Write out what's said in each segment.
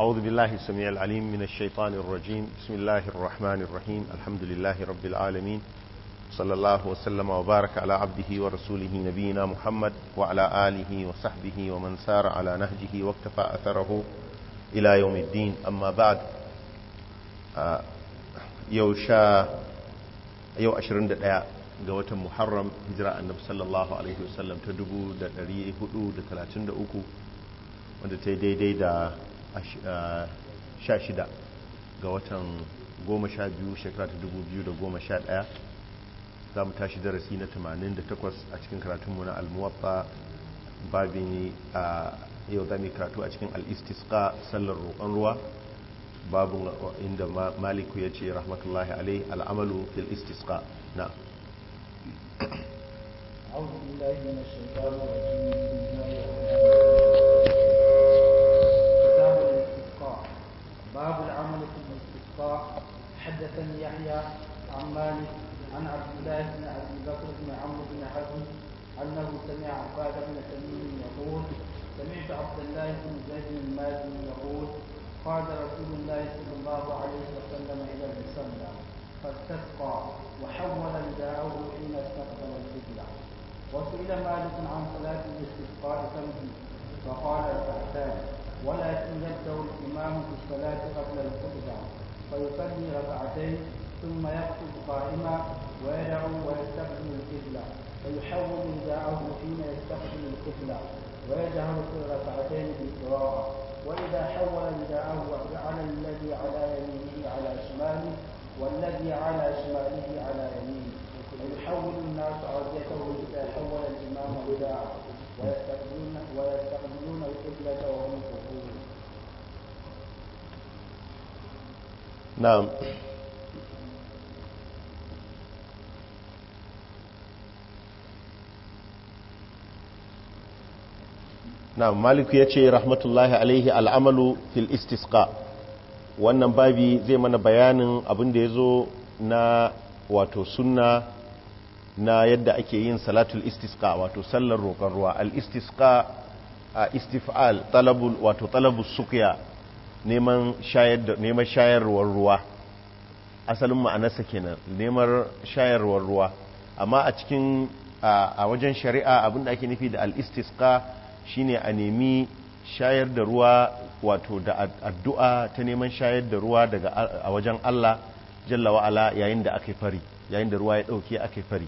أعوذ بالله السميع العليم من الشيطان الرجيم بسم الله الرحمن الرحيم الحمد لله رب العالمين صلى الله وسلم وبارك على عبده ورسوله نبينا محمد وعلى آله وصحبه ومن سار على نهجه واكتفى أثره إلى يوم الدين أما بعد يوشا آه، يو أشرند الآية قوة محرم هجراء النبي صلى الله عليه وسلم تدبو دا دريه هدو دا ثلاثين دا أكو وانت تيدي دا 16 ah, ga watan 12 shekara 2011 za mu tashi darasi na 88 a cikin karatunmu na almuwaffa babin a ah, yau za karatu a cikin al'istiska sallar roƙon ruwa babu inda maliku ya ce rahmatullahi alai al'amalu fil istiska na أعوذ بالله من الشيطان الرجيم باب العمل في الاستسقاء حدثني يحيى عن مالك عن عبد الله بن ابي بكر بن عمرو بن حزم انه سمع عباد بن تميم يقول سمعت عبد الله بن زيد بن مالك يقول قال رسول الله صلى الله عليه وسلم الى المسلى فاستسقى وحول نداءه حين استقبل القبله وسئل مالك عن صلاه الاستسقاء فمه فقال ركعتان ولا يبدأ الإمام في الصلاة قبل الخطبة فيصلي ركعتين ثم يخطب قائما ويدعو ويستخدم القبلة فيحول نداءه حين يستخدم القبلة ويجهر في الركعتين بالقراءة وإذا حول نداءه جعل الذي على يمينه على شماله والذي على شماله على يمينه ويحول الناس عودته إذا حول الإمام نداءه ويستخدم na na'am ya ce rahmatullahi alaihi al'amalu fil istisqa wannan babi zai mana bayanin abin da ya zo na wato sunna na yadda ake yin salatul istisqa wato sallar roƙon ruwa al istisqa istif'al talabul wato talabul suqya neman shayarwar ruwa asalin ma'anarsa kenan neman shayarwar ruwa amma a cikin a wajen shari'a abin da ake nufi da al'istiska shine a nemi shayar da ruwa wato da addu'a ta neman shayar da ruwa daga a wajen Allah jalla wa'ala yayin da aka fari yayin da ruwa ya ɗauke aka fari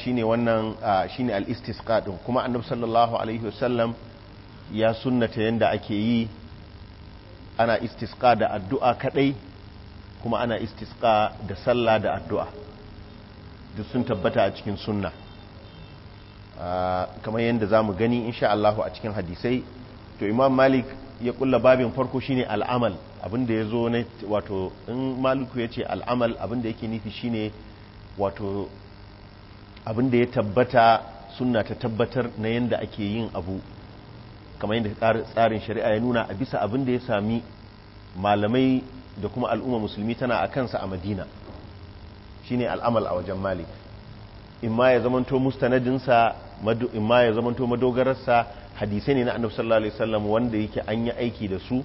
shine wannan shine al'istiska ɗin kuma annabu sallallahu alaihi wasallam ya sunnata yadda ake yi ana istiska da addu'a kaɗai kuma ana istiska da sallah da addu'a duk sun tabbata a cikin sunna ah, kamar yadda za mu gani insha Allahu a cikin hadisai to imam malik ya kulla babin farko shine al'amal abinda ya zo na wato in maliku ya ce al'amal abinda yake nufi shine wato abinda ya tabbata sunna ta tabbatar na yadda ake yin abu kamar yadda tsarin shari'a ya nuna a bisa abin da ya sami malamai da kuma al'umma musulmi tana a kansa a madina ne al'amal a wajen malik in ma ya zamanto mustanadinsa in ma ya zamanto madogararsa hadisai ne na annabi sallallahu alaihi wasallam wanda yake an yi aiki da su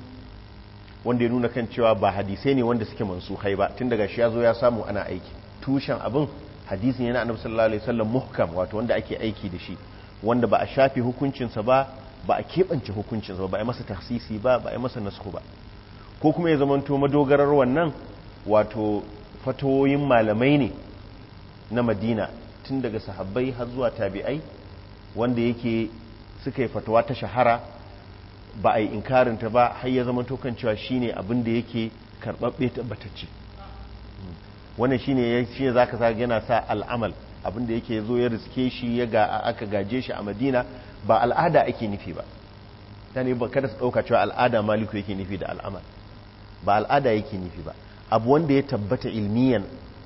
wanda ya nuna kan cewa ba hadisai ne wanda suke mansuhai ba tun daga shi ya zo ya samu ana aiki tushen abin hadisi ne na annabi sallallahu alaihi wasallam muhkam wato wanda ake aiki da shi wanda ba a shafe hukuncinsa ba ba a keɓance hukuncin ba ba a masa tasisi ba ba a masa nasu ba ko kuma ya zamanto madogarar wannan wato fatoyin malamai ne na madina tun daga sahabbai har zuwa tabi'ai wanda yake suka yi fatawa ta shahara ba a yi inkarinta ba har ya zama tokan cewa shi ne abin da yake karɓaɓɓe tabbatacce wannan shi ne shi za ka yana sa al'amal abin da yake zo ya riske shi ya ga aka gaje shi a madina ba al'ada ake nufi ba ta ne ba kada su ɗauka cewa al'ada maliku yake nufi da al'amal ba al'ada yake nufi ba abu wanda ya tabbata ilmiyan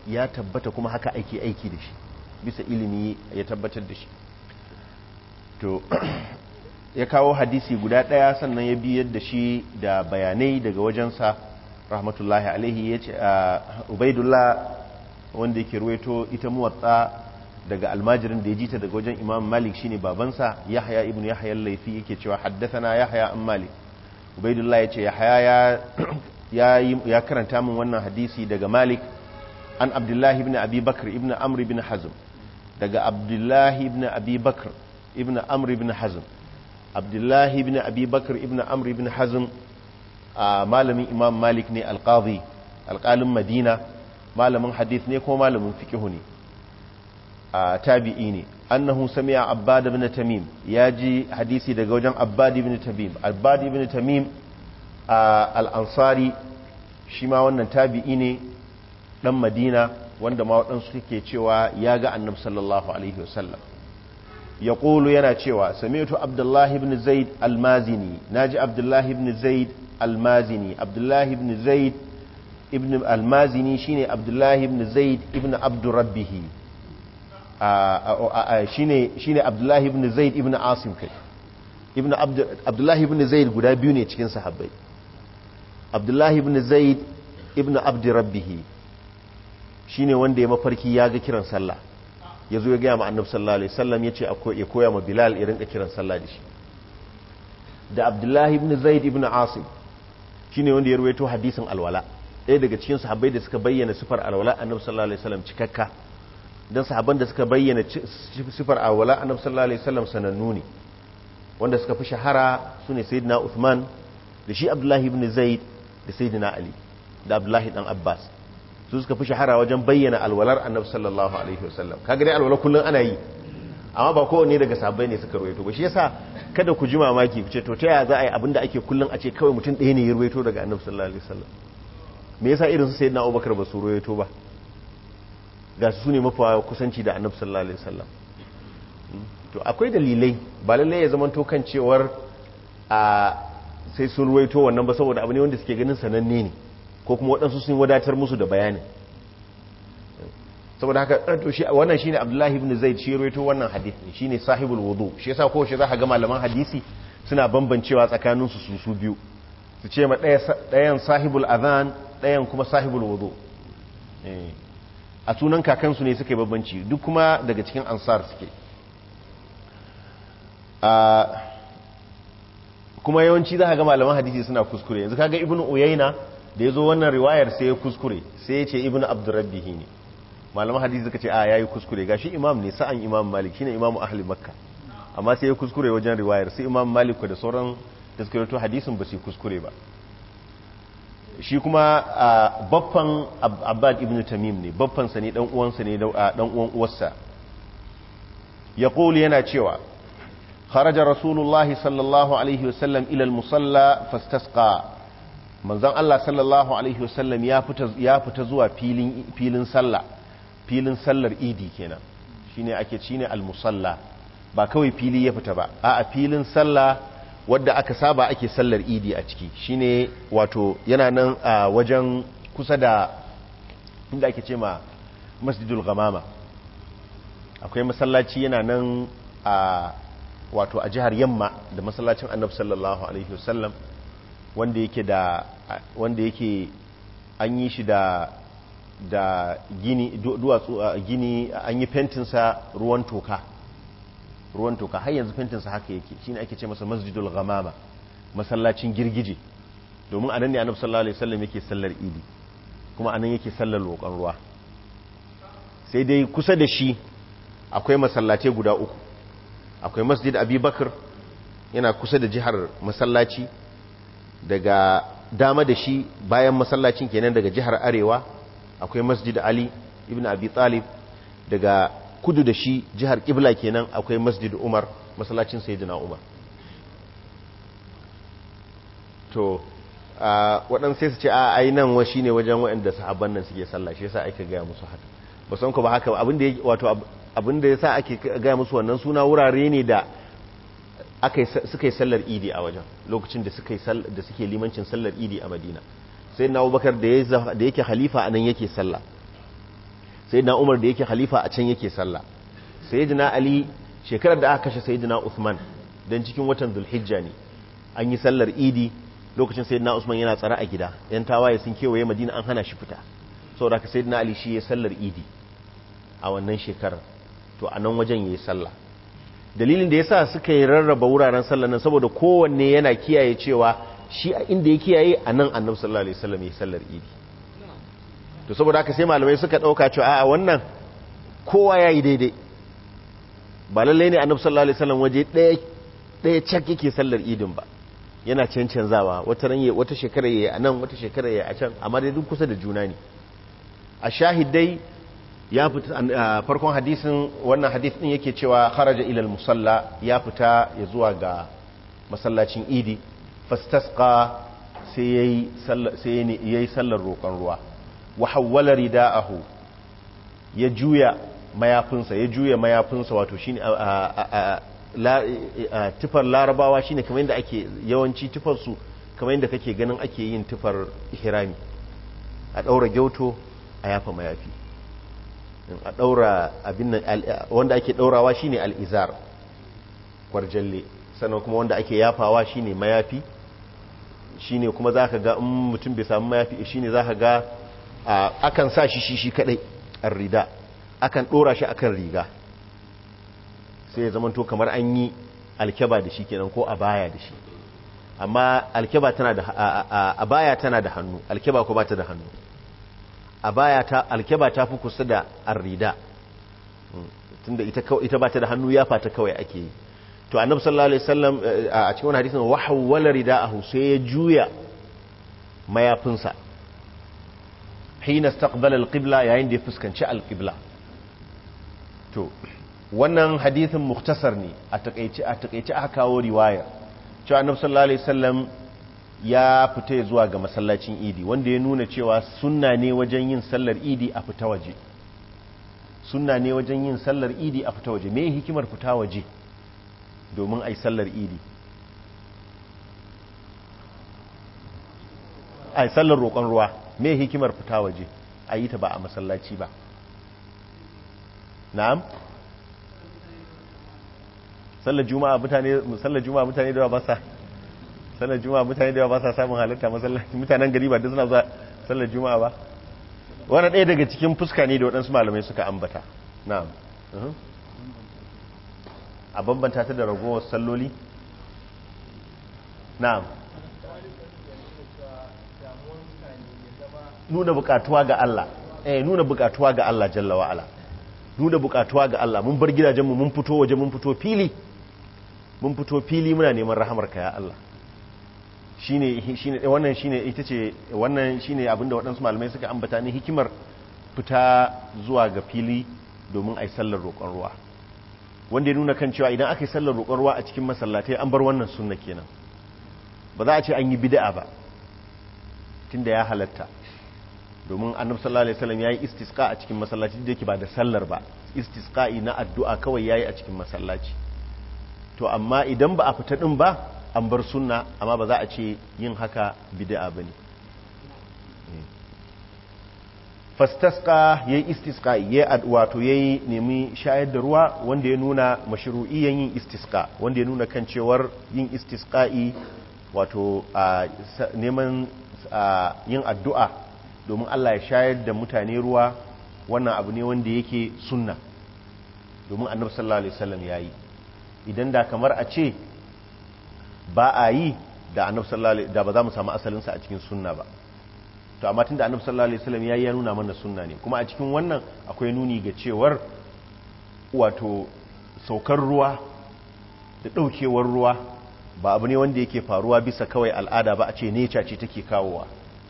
ya tabbata kuma haka ake aiki da shi bisa ilimi ya tabbatar da shi to ya kawo hadisi guda ɗaya sannan ya biyar da shi da bayanai daga wajensa rahmatullahi alaihi ya ce a ah, ubaidullah wanda yake ruwaito ita muwatsa daga almajirin da ya jita daga wajen imam malik shine babansa yahya ibn yahya laifi yake cewa haddathana yahya an malik ubaidullah yace yahya ya ya karanta min wannan hadisi daga malik an abdullahi ibn abi bakr ibn amr ibn hazm daga abdullahi ibn abi bakr ibn amr ibn hazm abdullahi ibn abi bakr ibn amr ibn hazm malamin imam malik ne al-Qalim madina malamin hadith ne ko malamin fiqh ne tabi'i ne annahu sami'a abbad ibn tamim ya ji hadisi daga wajen abbad ibn tamim abbad ibn tamim al-ansari shi ma wannan tabi'i ne dan madina wanda ma waɗansu suke cewa ya ga annabi sallallahu alaihi wasallam ya ƙulu yana cewa sami'tu abdullahi ibn zaid almazini naji abdullahi ibn zaid almazini abdullahi ibn zaid ibn almazini shine abdullahi ibn zaid ibn abdurrabbihi shi ne abdullahi ibn zaid ibn asim kai ibn abdullahi ibn zaid guda biyu ne cikin sahabbai abdullahi ibn zaid ibn abdi rabbihi ne wanda ya mafarki ya ga kiran sallah ya zo ya gaya ma sallah sallallahu alaihi sallam, ya ce ya koya ma bilal ya rinka kiran sallah da shi da abdullahi ibn zaid ibn asim shi ne wanda ya ruwaito hadisin alwala ɗaya daga cikin sahabbai da suka bayyana sufar alwala annabi sallallahu alaihi wasallam cikakka don sahabban da suka bayyana sifar awala annabi sallallahu alaihi wasallam sanannu ne wanda suka fi shahara su ne sayyidina Uthman da shi Abdullahi ibn Zaid da sayyidina Ali da Abdullahi dan Abbas su suka fi shahara wajen bayyana alwalar annabi sallallahu alaihi wasallam kaga dai alwala kullun ana yi amma ba kowanne daga sahabbai ne suka ruwaito ba shi yasa kada ku ji mamaki ku ce to ta yaya za a yi abinda ake kullun a ce kawai mutum ɗaya ne ya ruwaito daga annabi sallallahu alaihi wasallam me yasa irin su sayyidina Abubakar ba su ruwaito ba ga su ne mafi kusanci da annabi sallallahu alaihi wasallam to akwai dalilai ba lallai ya zama kan cewar a sai sun ruwaito wannan ba saboda abu ne wanda suke ganin sananne ne ko kuma waɗansu sun wadatar musu da bayanin saboda haka to shi wannan shine Abdullahi ibn Zaid shi ruwaito wannan hadisi shine sahibul wudu shi yasa ko shi zaka ga malaman hadisi suna bambancewa tsakanin su su biyu su ce ma ɗayan sahibul adhan ɗayan kuma sahibul wudu eh a sunan kakansu ne suka yi babbanci duk kuma daga cikin ansar suke kuma yawanci za a ga malaman hadisi suna kuskure yanzu kaga ibnu uyayna da ya zo wannan riwayar sai ya kuskure sai ya ce ibnu hi ne malaman hadisi suka ce a ya yi kuskure gashi imam ne sa'an imam malik shine imamu ahli makka amma sai ya kuskure wajen riwayar sai imam malik da sauran da suka hadisin ba su kuskure ba shi kuma baffan abbad ibn tamim ne baffansa ne dan uwansa ne dan uwan uwarsa ya kuli yana cewa kharaja rasulullahi sallallahu alaihi wasallam ila musalla fastasqa manzon Allah sallallahu alaihi wasallam ya fita ya fita zuwa filin filin sallah filin sallar idi kenan shine ake shine al musalla ba kawai fili ya fita ba a'a filin sallah wadda aka saba ake sallar idi a ciki shine wato yana nan a wajen kusa da inda ake ce ma masjidul gamama akwai masallaci yana nan a wato a jihar yamma da masallacin annab sallallahu alaihi wasallam wanda yake da wanda yake an yi shi da da gini duwatsu gini an yi fentinsa ruwan toka ruwan toka har yanzu fentinsa haka yake shine ake ce masa masjidul ghamama masallacin girgije domin anan ne annabi sallallahu alaihi wasallam yake sallar idi kuma anan yake sallar lokan ruwa sai dai kusa da shi akwai masallace guda uku akwai masjid abubakar yana kusa da jihar masallaci daga dama da shi bayan masallacin kenan daga jihar arewa akwai masjid ali ibn abi talib daga kudu da shi jihar kibla kenan akwai masjid umar masallacin sayyidina umar to waɗanda sai su ce a ai nan wa shine wajen waɗanda sahabban nan suke sallah shi yasa ake gaya musu haka ba san ku ba haka abin da wato abin da yasa ake gaya musu wannan suna wurare ne da aka suka yi sallar idi a wajen lokacin da suka da suke limancin sallar idi a madina sai na abubakar da yake halifa anan yake sallah sayyidina umar da yake khalifa a can yake sallah sayyidina ali shekarar da aka kashe sayyidina usman don cikin watan zulhijja ne an yi sallar idi lokacin sayyidina usman yana tsara a gida yan tawaye sun kewaye madina an hana shi fita saboda ka sayyidina ali shi ya sallar idi a wannan shekarar to a nan wajen ya yi sallah dalilin da ya sa suka yi rarraba wuraren sallar nan saboda kowanne yana kiyaye cewa shi a inda ya kiyaye a nan annabi sallallahu alaihi wasallam ya sallar idi to saboda haka sai malamai suka dauka cewa a wannan kowa yayi daidai ba lalle ne annabi sallallahu alaihi wasallam waje daya daya cak yake sallar idin ba yana cancanzawa wata ran wata shekara yayi anan wata shekara yayi a can amma dai duk kusa da juna ne a shahidai ya fita farkon hadisin wannan hadis din yake cewa kharaja ila musalla ya fita ya zuwa ga masallacin idi fastasqa sai yayi sallar roƙon ruwa wa hawwala rida'ahu ya juya mayafinsa ya juya mayafinsa wato shine tifar larabawa shine kamar yadda ake yawanci tifar su kamar yadda kake ganin ake yin tifar ihrami a daura gyauto a yafa mayafi a daura abin nan wanda ake daurawa shine al-izar kwarjalle sannan kuma wanda ake yafawa shine mayafi shine kuma zaka ga in mutum bai samu mayafi shine zaka ga akan sa shi shi shi kadai arrida akan dora shi akan riga sai ya zamanto kamar an yi alkeba da shi kenan ko abaya da shi amma alkeba tana da abaya tana da hannu alkeba ko bata da hannu abaya ta alkeba ta fi kusa da arrida hmm. tunda ita kawai ita bata da hannu ya fata kawai ake yi to annabi sallallahu alaihi wasallam eh, a cikin wannan hadisin wahawwala rida'ahu sai ya juya mayafinsa hina staqbala alqibla yayin da ya fuskanci alqibla to wannan hadithin muktasar ne a taƙaice a taƙaice aka kawo riwaya cewa annabi sallallahu alaihi wasallam ya fita zuwa ga masallacin idi wanda ya nuna cewa sunna ne wajen yin sallar idi a fita waje sunna ne wajen yin sallar idi a fita waje me hikimar fita waje domin ai sallar idi ai sallar roƙon ruwa me hikimar fita waje a yi ta ba a masallaci ba na'am sallar juma'a mutane juma'a mutane da ba sa sallar juma'a mutane da ba sa samun halitta masallaci mutanen gari ba duk suna zuwa sallar juma'a ba wani ɗaya daga cikin fuska ne da waɗansu malamai suka ambata na'am uh-huh. a bambanta ta da ragowar salloli na'am nuna bukatuwa ga Allah eh nuna bukatuwa ga Allah jalla wa ala nuna bukatuwa ga Allah mun bar gidajenmu mun fito waje mun fito fili mun fito fili muna neman rahamar ka ya Allah shine shine wannan shine ita ce wannan shine abinda waɗansu malamai suka ambata ne hikimar fita zuwa ga fili domin ai sallar roƙon ruwa wanda ya nuna kan cewa idan aka yi sallar roƙon ruwa a cikin masallatai an bar wannan sunna kenan ba za a ce an yi bid'a ba tunda ya halatta domin annabi sallallahu alaihi wasallam yayi istisqa a cikin masallaci da yake ba da sallar ba istisqa'i na addu'a kawai yayi a cikin masallaci to amma idan ba a fita din ba an bar sunna amma ba za a ce yin haka bid'a bane eh. fastasqa yayi istisqa yayi addu'a to yayi nemi shayar da ruwa wanda ya nuna mashru'iyyan yin istisqa wanda ya nuna kan cewar yin istisqa'i wato neman yin addu'a domin Allah ya shayar da mutane ruwa wannan abu ne wanda yake sunna domin annabi sallallahu alaihi wasallam yayi idan da kamar a ce ba a yi da annabi sallallahu alaihi da ba za mu samu asalin sa a cikin sunna ba to amma tunda annabi sallallahu alaihi wasallam yayi ya nuna mana sunna ne kuma a cikin wannan akwai nuni ga cewar wato saukar ruwa da daukewar ruwa ba abu ne wanda yake faruwa bisa kawai al'ada ba a ce nature ce take kawowa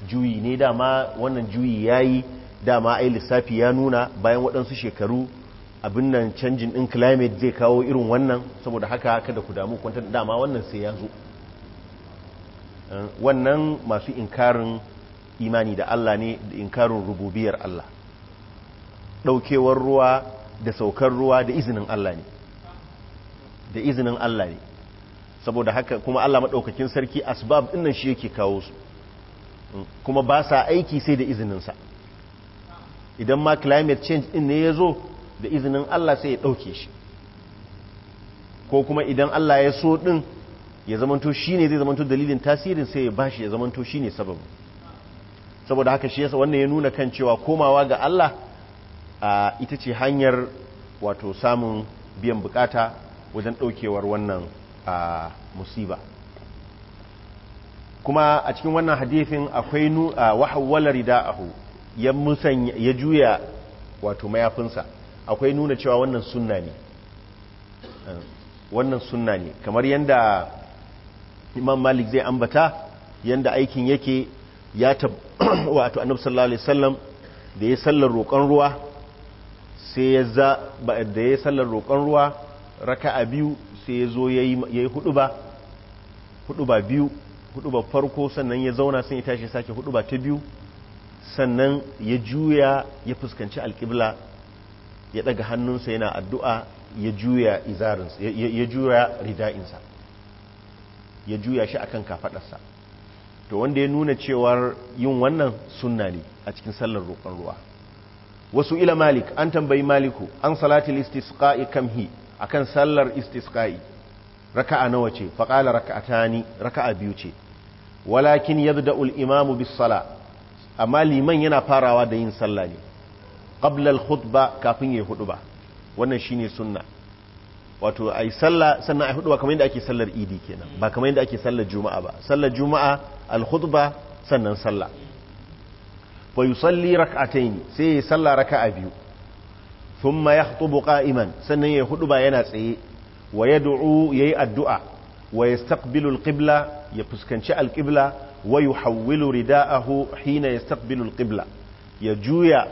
juyi ne dama wannan juyi ya yi dama ai lissafi ya nuna bayan waɗansu shekaru abin nan canjin ɗin climate zai kawo irin wannan saboda haka kada ku damu kwanta dama wannan sai ya zo eh, wannan masu inkarin imani da Allah ne da inkarin rububiyar Allah ɗaukewar ruwa da saukar ruwa da izinin Allah ne da izinin Allah ne saboda haka kuma Allah maɗaukakin sarki asbab ɗin nan shi yake kawo su kuma ba sa aiki sai da izininsa idan ma climate change din ne ya zo da izinin Allah sai ya ɗauke shi ko kuma idan Allah ya so ɗin ya zamanto shi ne zai zamanto dalilin tasirin sai ya ba shi ya zamanto shi ne sababu saboda haka shi yasa wannan ya nuna kan cewa komawa ga Allah ita ce hanyar wato samun biyan bukata wajen ɗaukewar wannan musiba kuma a cikin wannan hadithin akwai nu wahawwala rida'ahu ya musan ya juya wato mayafinsa akwai nuna cewa wannan sunna ne eh, wannan sunna ne kamar yanda imam malik zai ambata yanda aikin yake ya tab wato annabi sallallahu alaihi wasallam da ya sallar roƙon ruwa sai ya za da ya sallar roƙon ruwa raka'a biyu sai ya zo yayi yayi hudu ba hudu ba biyu hudu ba farko sannan ya zauna sun ya tashi sake hudu ba ta biyu sannan ya juya ya fuskanci alƙibla ya ɗaga hannunsa yana addu'a ya juya izarinsa ya juya rida'insa ya juya shi akan kafaɗarsa to wanda ya nuna cewar yin wannan sunna ne a cikin sallar roƙon ruwa wasu ila malik an tambayi maliku an salatil istisqa'i kamhi akan sallar istisqa'i raka'a nawa ce faƙala raka'atani raka'a biyu ce walakin yabda'ul imamu bis sala amma liman yana farawa da yin sallah ne qabla al khutba kafin yayi ba, wannan ne sunna wato ai sallah sannan ai ba kamar yadda ake sallar idi kenan ba kamar yadda ake sallar juma'a ba sallar juma'a al khutba sannan sallah fa yusalli rak'atayn sai ya salla raka'a biyu thumma buƙa iman, sannan yayi ba yana tsaye wa ya ya yayi addu'a wa yastaqbilu alqibla ya fuskanci alƙibla wa yuhawwilu rida'ahu hina yastaqbilu alqibla ya juya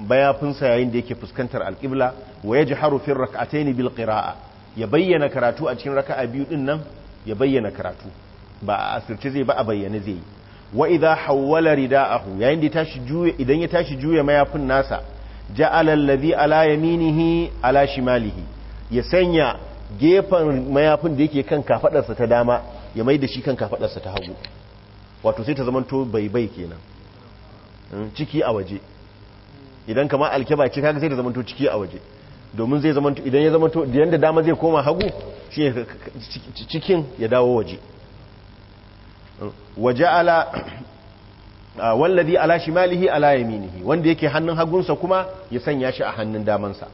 bayafinsa yayin da yake fuskantar alqibla wa ji fi rak'atayn bil ƙira'a ya bayyana karatu a cikin raka'a biyu din nan ya bayyana karatu ba a asirce zai ba a bayyane zai yi wa idha hawwala rida'ahu yayin da tashi juya idan ya tashi juya mayafin nasa ja'ala alladhi ala yaminihi ala shimalihi ya sanya gefen mayafin da yake kan kafadarsa ta dama ya mai da shi kan kafadarsa ta hagu wato sai ta zamanto baibai kenan hmm, ciki a waje idan kama alkeba ce kaga sai ta zamanto ciki a waje domin zai zamanto idan ya zamanto da dama zai koma hagu shi cikin ya dawo waje hmm, waje ala wallazi ala shimalihi ala yaminihi wanda yake hannun hagunsa kuma ya sanya shi a hannun damansa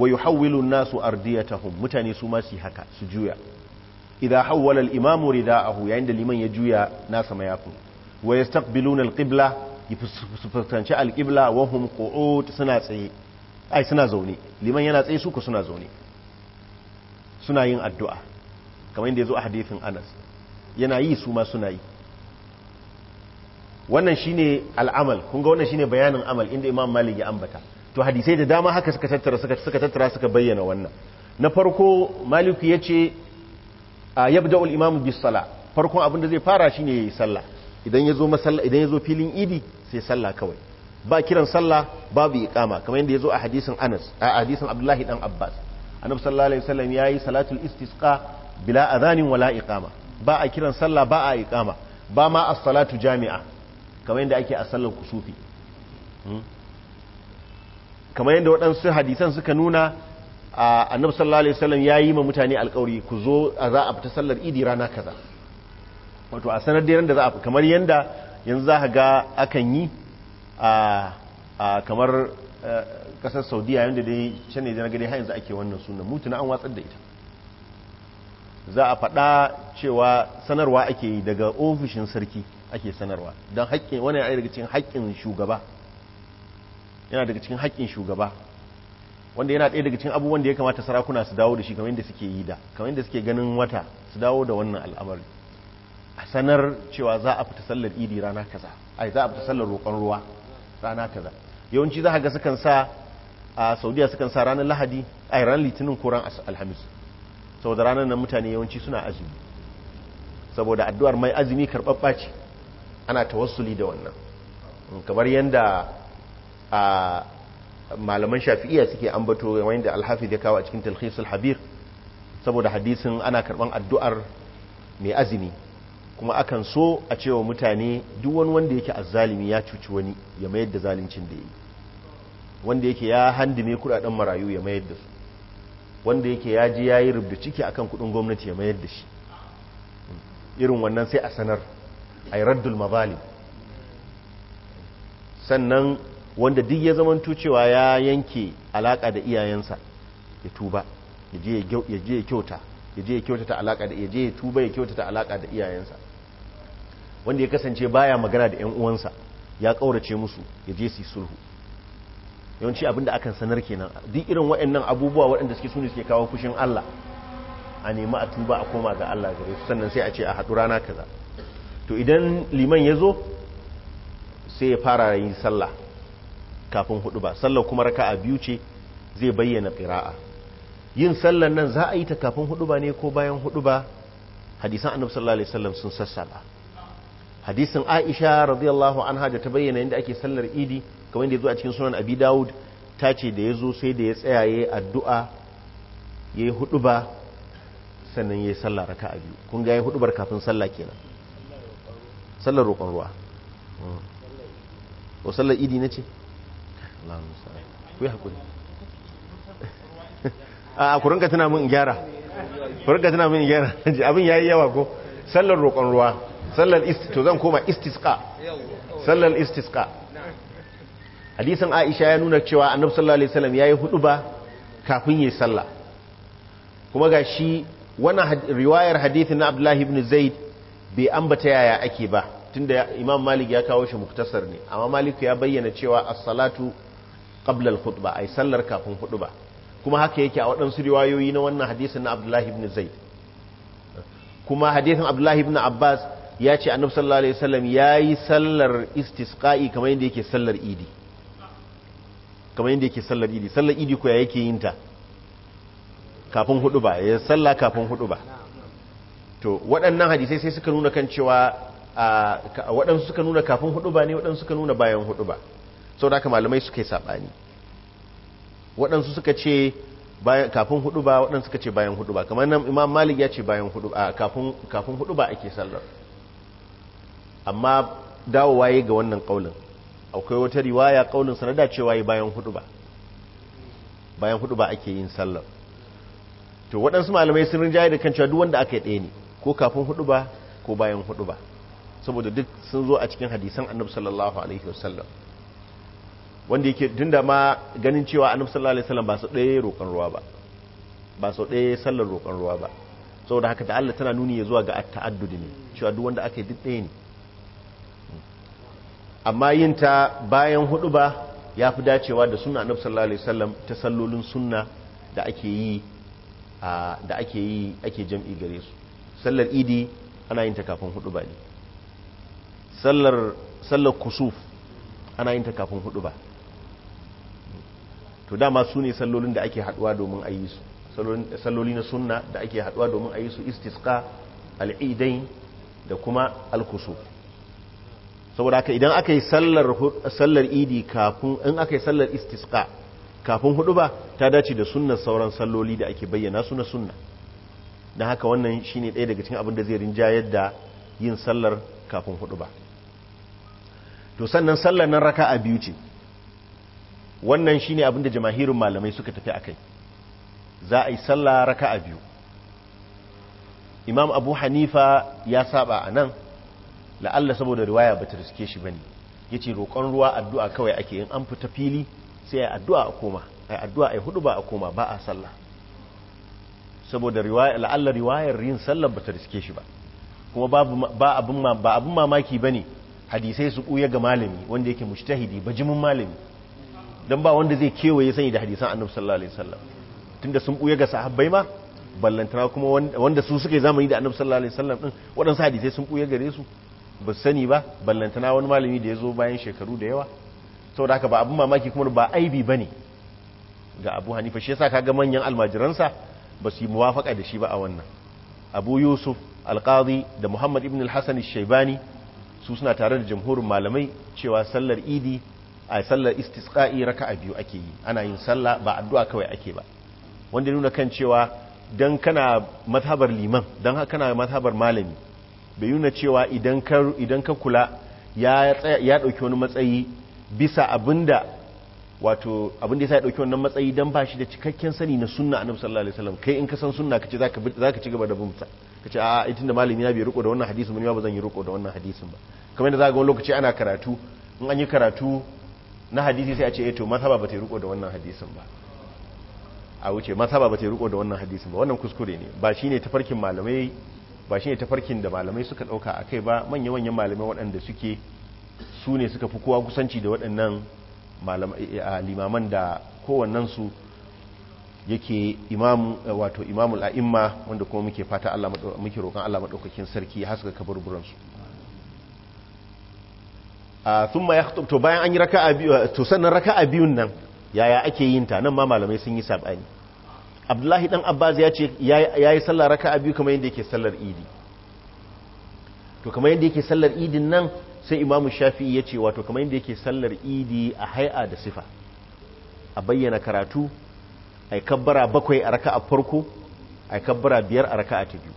wa yuhawwilu an-nasu ardiyatahum mutane su ma haka su juya idza hawwala al-imamu ridaahu yayin da liman ya juya nasa mayafin wa yastaqbiluna al-qibla yafuskanci al-qibla wa hum qu'ud suna tsaye ai suna zaune liman yana tsaye su ku suna zaune suna yin addu'a kamar yadda yazo a hadithin Anas yana yi su ma suna yi wannan shine al'amal kun ga wannan shine bayanin amal inda Imam Malik ya ambata to hadisai da dama haka suka tattara suka suka tattara suka bayyana wannan na farko maliku yace yabda'u al-imam bis sala farkon abin zai fara shine yayi sallah idan yazo masalla idan yazo filin idi sai sallah kawai ba kiran sallah babu iqama kamar yadda yazo a hadisin Anas a hadisin Abdullahi dan Abbas annabi sallallahu alaihi wasallam yayi salatul istisqa bila adhanin wala iqama ba a kiran sallah ba a iqama ba ma as-salatu jami'a kamar yadda ake a sallar kusufi hmm? kamar yadda waɗansu hadisan suka nuna a annabi sallallahu alaihi wasallam ya yi ma mutane alkawari ku zo a za a fita sallar idi rana kaza wato a sanar da yadda za a kamar yadda yanzu za a ga akan yi a kamar kasar saudiya yadda dai can ne da gani har yanzu ake wannan sunan mutuna an watsar da ita za a faɗa cewa sanarwa ake yi daga ofishin sarki ake sanarwa don haƙƙin wani daga cikin haƙƙin shugaba yana daga cikin haƙƙin shugaba wanda yana ɗaya daga cikin abubuwan da ya kamata sarakuna su dawo da shi kamar yadda suke yi da kamar yadda suke ganin wata su dawo da wannan al'amari a sanar cewa za a fita sallar idi rana kaza ai za a fita sallar roƙon ruwa rana kaza yawanci za a ga sukan sa a saudiya sukan sa ranar lahadi ai ranar litinin ko ran alhamis saboda ranar nan mutane yawanci suna azumi saboda addu'ar mai azumi karɓaɓɓa ce ana tawassuli da wannan kamar yadda a malaman shafi'iyya suke ambato yayin da alhafiz ya kawo a cikin talhisul habir saboda hadisin ana karban addu'ar mai azumi kuma akan so a cewa mutane duk wani wanda yake azzalimi ya cuci wani ya mayar da zaluncin da yi wanda yake ya handume kudaden marayu ya mayar da su wanda yake ya ji ya yi rubda ciki akan kudin gwamnati ya mayar da shi irin wannan sai a sanar a yi raddul mazalim sannan wanda duk ya zamanto cewa ya yanke alaka da iyayensa ya tuba ya je ya kyauta ya je ya kyautata alaka da ya ya tuba ya kyautata alaka da iyayensa wanda ya kasance baya magana da yan uwansa ya kaurace musu ya je su sulhu yawanci abinda akan sanar kenan duk irin waɗannan abubuwa waɗanda suke sune suke kawo kushin Allah a nemi a tuba a koma ga Allah gare su sannan sai a ce a haɗu rana kaza to idan liman ya zo sai ya fara yin sallah kafin hudu ba sallar kuma raka'a biyu ce zai bayyana qira'a yin sallar nan za a yi ta kafin hudu ba ne ko bayan hudu ba hadisan annabi sallallahu alaihi wasallam sun sassala hadisin Aisha radiyallahu anha da ta bayyana inda ake sallar Idi kamar inda yazo a cikin sunan Abi daud ta ce da yazo sai da ya tsaya yayi addu'a yayi hudu ba sannan yayi sallar raka'a biyu kun ga yayi hudu bar kafin sallah kenan sallar roƙon ruwa ko hmm. sallar Idi na ce. ku yi haƙuri a kurinka tana mun gyara kurinka tana mun gyara abin ya yi yawa ko sallar roƙon ruwa sallar to zan koma istiska sallar istiska hadisan aisha ya nuna cewa annabi sallallahu alaihi wasallam yayi hudu ba kafin yayi sallah kuma ga shi wannan riwayar hadithin na abdullahi ibn zaid bai ambata yaya ake ba tunda imam malik ya kawo shi muktasar ne amma malik ya bayyana cewa as-salatu qabla al-khutba ay sallar kafin khutba kuma haka yake a waɗansu riwayoyi na wannan hadisin na Abdullahi ibn Zaid kuma hadisin Abdullahi ibn Abbas ya ce annabi sallallahu alaihi wasallam yayi sallar istisqa'i kamar yadda yake sallar idi kamar yadda yake sallar idi sallar idi ko ya yake yin ta kafin hudu ba ya salla kafin hudu ba to waɗannan hadisai sai suka nuna kan cewa waɗansu suka nuna kafin hudu ba ne waɗansu suka nuna bayan hudu ba sau da malamai suka yi saɓani waɗansu suka ce kafin hudu ba waɗansu suka ce bayan hudu ba kamar nan imam malik ya ce bayan hudu ba kafin hudu ba ake sallar amma dawo waye ga wannan ƙaunin akwai wata riwaya ƙaunin sanada cewa yi bayan hudu ba bayan hudu ba ake yin sallar to waɗansu malamai sun rinjaye da kan cewa duk wanda aka yi ɗaya ne ko kafin hudu ba ko bayan hudu ba saboda duk sun zo a cikin hadisan annabi sallallahu alaihi wasallam wanda yake tunda ma ganin cewa annabi sallallahu alaihi wasallam ba sau ɗaya roƙon ruwa ba ba sau ɗaya sallar roƙon ruwa ba saboda haka da Allah tana nuni ya zuwa ga ta'addudu ne cewa duk wanda aka yi duk ɗaya ne amma yin ta bayan hudu ba ya fi dacewa da sunna annabi sallallahu alaihi wasallam ta sallolin sunna da ake yi da ake yi ake jam'i gare su sallar idi ana yin ta kafin hudu ba ne sallar sallar kusuf ana yin ta kafin hudu ba to dama su ne sallolin da ake haduwa domin a yi su salloli na sunna da ake haduwa domin a yi su istiska al'idai da kuma alkusu saboda haka idan aka yi sallar idi kafin in aka yi sallar istiska kafin hudu ba ta dace da sunnan sauran salloli da ake bayyana su na sunna don haka wannan shine ɗaya daga cikin abin da zai rinjayar da yin sallar kafin hudu ba to sannan sallar nan a biyu ce wannan shine abin da jamahirin malamai suka tafi akai za a yi sallah a biyu imam abu hanifa ya saba a nan la'alla saboda riwaya ba ta riske shi bane yace roƙon ruwa addu'a kawai ake yin an fita fili sai addu'a a koma ai addu'a ai hudu ba a koma ba a sallah saboda riwaya la'alla riwayar yin sallah ba ta riske shi ba kuma ba abin mamaki ba ne hadisai su ƙuya ga malami wanda yake mujtahidi bajimin malami don ba wanda zai kewaye sani da hadisan annabi sallallahu alaihi wasallam tunda sun buya ga sahabbai ma ballantana kuma wanda su suka yi zamani da annabi sallallahu alaihi wasallam din waɗansu hadisai sun buya gare su ba sani ba ballantana wani malami da ya zo bayan shekaru da yawa saboda haka ba abin mamaki kuma ba aibi ba ne. ga Abu Hanifa shi yasa kaga manyan almajiransa ba su yi muwafaka da shi ba a wannan Abu Yusuf alkazi da Muhammad ibn Al-Hasan su suna tare da jamhurin malamai cewa sallar Idi a sallar istisqa'i raka'a biyu ake yi ana yin sallah ba addu'a kawai ake ba wanda nuna kan cewa dan kana mazhabar liman dan haka kana mazhabar malami bai nuna cewa idan ka idan ka kula ya ya dauki wani matsayi bisa abinda wato abinda yasa ya dauki wannan matsayi dan bashi da cikakken sani na sunna annabi sallallahu alaihi wasallam kai in ka san sunna kace zaka zaka ci gaba da bumta kace a itin da malami ya bi riko da wannan hadisin mun ba zan yi riko da wannan hadisin ba kamar yadda zaka ga lokaci ana karatu in an yi karatu na hadisi sai a ce eto eh, mazhaba ba ta riko da wannan hadisin ba a wuce mazhaba ba ta riko da wannan hadisin ba wannan kuskure ne ba shine tafarkin malamai ba shine tafarkin da malamai suka dauka akai ba manyan manyan malamai waɗanda suke su ne suka fi kowa kusanci da waɗannan eh, eh, limaman da kowannen su yake imam wato imamul a'imma wanda kuma muke fata Allah muke roƙon Allah madaukakin sarki haska kaburburan su sun ma ya to bayan an yi a biyu ah, to sannan a biyun nan yaya ake yin ta nan ma malamai sun yi sabani abdullahi dan abbas ya ce yayi sallar raka biyu kamar yadda yake sallar idi to kamar yadda yake sallar idin nan sai imamu shafi'i ya ce wato kamar yadda yake sallar idi a hai'a da sifa a bayyana karatu a yi kabbara bakwai a raka a farko a yi kabbara biyar a raka ta biyu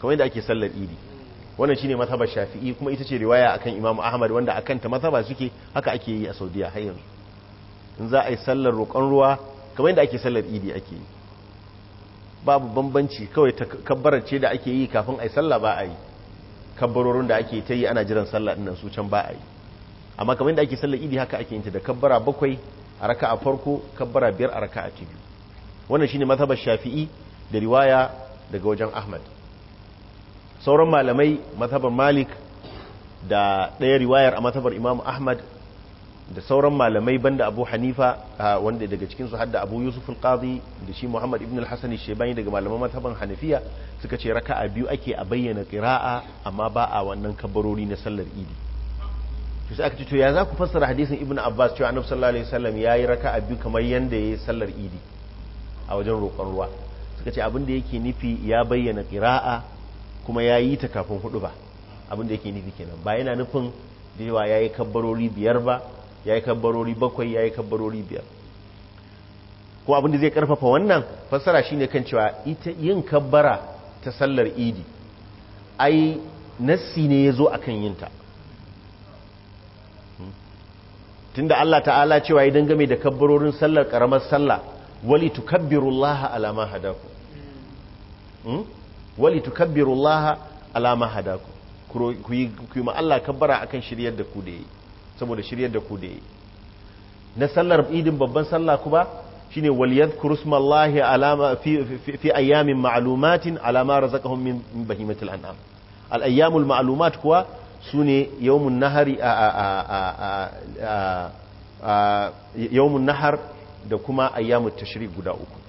kamar yadda ake sallar idi wannan shine mazhabar shafi'i kuma ita ce riwaya akan imam ahmad wanda akan ta mazhaba suke haka ake yi a saudiya har yanzu in za a yi sallar roƙon ruwa kamar yadda ake sallar idi ake yi babu bambanci kawai kabbarar ce da ake yi kafin a yi sallah ba a yi kabbarorin da ake ta yi ana jiran sallah dinnan su can ba a yi amma kamar yadda ake sallar idi haka ake ta da kabbara bakwai a raka a farko kabbara biyar a raka a ta wannan shine mazhabar shafi'i da riwaya daga wajen ahmad sauran malamai mazhabar malik da ɗaya riwayar a mazhabar imam ahmad da sauran malamai banda abu hanifa wanda daga cikinsu hadda abu yusuf al da shi muhammad ibn al-hassani shebani daga malaman matabar Hanifiya suka ce raka a biyu ake a bayyana ƙira'a amma ba a wannan kabarori na sallar idi to sai aka ce ya za ku fassara hadisin ibn abbas cewa annabi sallallahu alaihi wasallam yi raka a biyu kamar yanda yi sallar idi a wajen roƙon ruwa suka ce abin da yake nufi ya bayyana ƙira'a kuma ya yi ta kafin hudu ba abin da yake nufi kenan ba yana nufin da ya yi kabbarori biyar ba ya yi kabbarori bakwai ya yi kabbarori biyar Kuma abin da zai karfafa wannan fassara shine kan cewa ita yin kabbara ta sallar idi ai nassi ne ya zo a kan yinta hmm? tunda Allah ta'ala cewa idan game da kabbarorin sallar karamar sallah wali tu kabbirullaha alama hadaku hmm? wali tukabbiru Allah ala ma hadakum ku yi ma Allah kabbara akan shiryar da ku da yi saboda shiryar da ku da yi na sallar idin babban sallah kuma shine wal yadhkuru smallahi fi fi ayyamin ma'lumatin ala ma razaqahum min bahimatil an'am al ayyamul ma'lumat kuwa sune yawmun nahari a a a a yawmun nahar da kuma ayyamut tashrik guda uku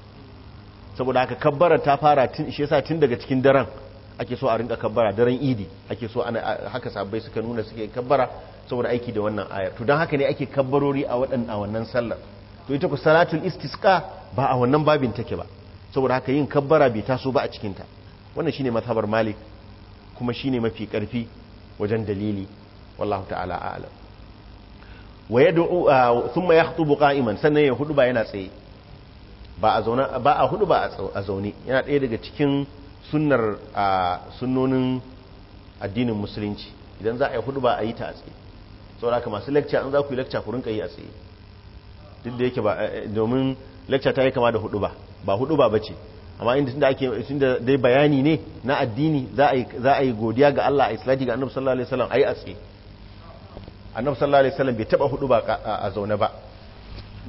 saboda haka kabbara ta fara tun shi yasa tun daga cikin daren ake so a rinka kabbara daren idi ake so ana haka sabbai suka nuna suke kabbara saboda aiki da wannan ayar to don haka ne ake kabbarori a waɗanda wannan sallar to ita ku salatul istisqa ba a wannan babin take ba saboda haka yin kabbara bai taso ba a cikin ta wannan shine mazhabar malik kuma shine mafi karfi wajen dalili wallahu ta'ala a'lam wa yad'u thumma yakhutubu qa'iman sannan ya hudu ba yana tsaye ba a zauna ba a hudu ba a zaune yana ɗaya daga cikin sunnar a sunnonin addinin musulunci idan za a yi hudu ba a yi ta a tsaye saboda haka masu lecture an za ku yi lecture ku rinka yi a tsaye duk da yake ba eh, eh, domin lecture ta yi kama da hudu ba ba hudu ba bace amma inda tunda ake tunda dai bayani ne na addini za a yi za a yi godiya ga Allah a islati ga Annabi sallallahu alaihi wasallam yi a tsaye Annabi sallallahu alaihi wasallam bai taba hudu ba a zaune ba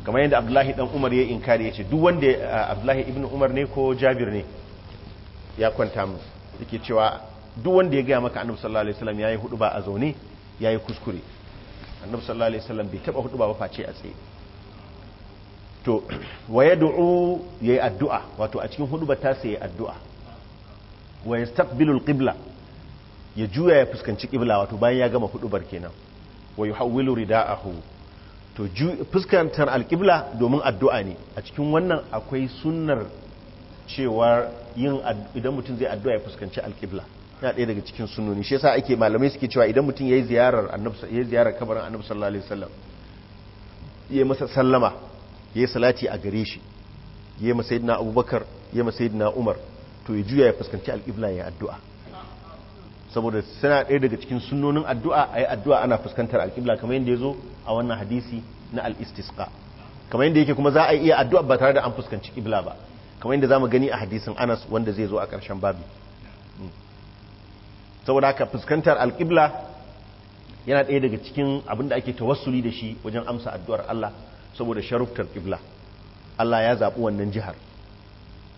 kamar yadda abdullahi dan umar ya inkari ya ce duk wanda abdullahi ibn umar ne ko jabir ne ya kwanta mu yake cewa duk wanda ya gaya maka annabi sallallahu alaihi wasallam yayi hudu ba a zaune yayi kuskure annabi sallallahu alaihi wasallam bai taba hudu ba face a tsaye to wa yad'u yayi addu'a wato a cikin hudu ba ta sai addu'a wa yastaqbilu qibla ya juya ya fuskanci qibla wato bayan ya gama hudubar kenan wa yuhawwilu rida'ahu to fuskantar alƙibla domin addu'a ne a cikin wannan akwai sunar cewa yin idan mutum zai addu'a ya fuskanci alƙibla ya ɗaya daga cikin sunoni shi yasa ake malamai suke cewa idan mutum ya yi ziyarar kabarin annabi sallallahu alaihi wasallam ya masa sallama ya yi salati a gare shi ya yi masa abubakar ya yi masayidina umar to ya juya ya fuskanci alƙibla ya addu'a saboda suna ɗaya daga cikin sunnonin addu'a a yi addu'a ana fuskantar alƙibla kamar yadda ya zo a wannan hadisi na al'istisqa kamar yadda yake kuma za a iya addu'a ba tare da an fuskanci ƙibla ba kamar yadda za mu gani a hadisin anas wanda zai zo a ƙarshen babi hmm. saboda haka fuskantar alƙibla yana ɗaya daga cikin abin da ake tawassuli da shi wajen amsa addu'ar Allah saboda sharuftar ƙibla Allah ya zaɓi wannan jihar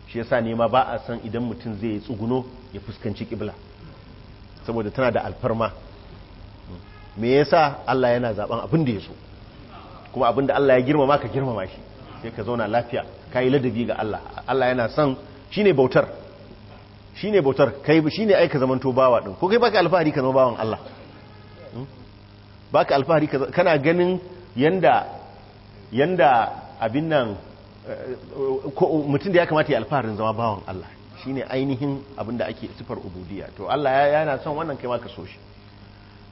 shi yasa sa nema ba a san idan mutum zai tsuguno ya fuskanci ƙibla saboda tana da alfarma me yasa Allah yana zaben abin da ya so kuma abin da Allah ya girmama ka girmama shi sai ka zauna lafiya ka yi ladabi ga Allah Allah yana son shine bautar shine bautar kai shine aika zaman zamanto bawa din ko kai baka alfahari ka zama bawan Allah hmm? baka alfahari kana ganin yanda yanda abin nan eh, eh, mutum da ya kamata ya alfaharin zama bawan Allah shi ne ainihin abin da ake sifar ubudiya to Allah ya yana son wannan kai ma ka so shi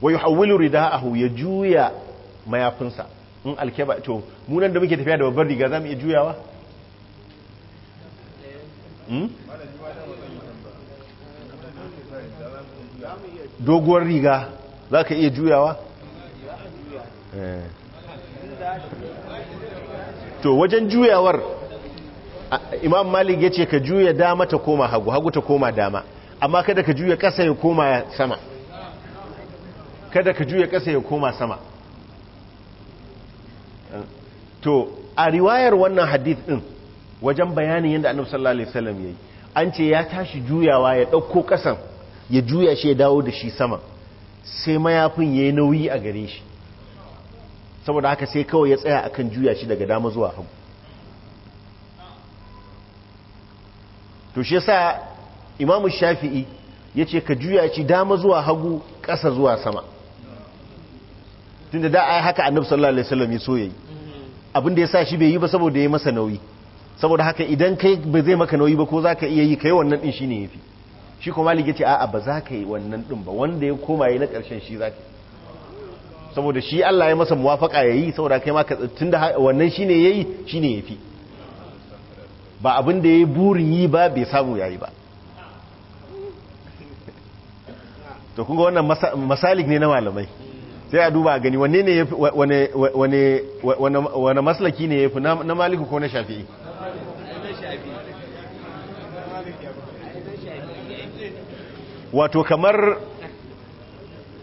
wa yuhawwilu ridaahu ya juya mayafinsa in alkeba to mu nan da muke tafiya da babbar riga zamu iya juyawa hmm? doguwar riga za ka iya juyawa? Eh. to wajen juyawar imam malik ya ce ka juya dama ta koma hagu hagu ta koma dama amma kada ka juya ƙasa ya koma sama kada ka juya ƙasa ya koma sama to a riwayar wannan hadith din wajen bayanin yadda annabi sallallahu alaihi wasallam yayi an ce ya tashi juyawa ya ɗauko ƙasan ya juya shi ya dawo da shi sama sai mayafin yayi nauyi a gare shi saboda haka sai kawai ya tsaya akan juya shi daga dama zuwa hagu to shi sa imamu shafi'i ya ce ka juya ci dama zuwa hagu ƙasa zuwa sama tunda da a haka annabu sallallahu alaihi wasallam ya so yayi abinda ya sa shi bai yi ba saboda ya masa nauyi saboda haka idan kai ba zai maka nauyi ba ko za ka iya yi kai wannan din shi ne ya fi shi kuma malik ya ce a'a ba za ka yi wannan din ba wanda ya koma yi na ƙarshen shi za ka saboda shi allah ya masa muwafaka ya yi saboda kai maka tun da wannan shi ne ya yi shi ne ya fi ba abin da ya yi burin yi ba bai samu yayi ba to kunga wannan masalik ne na malamai sai a duba gani wanne ne wane wane maslaki ne ya fi na maliku ko na shafi'i wato kamar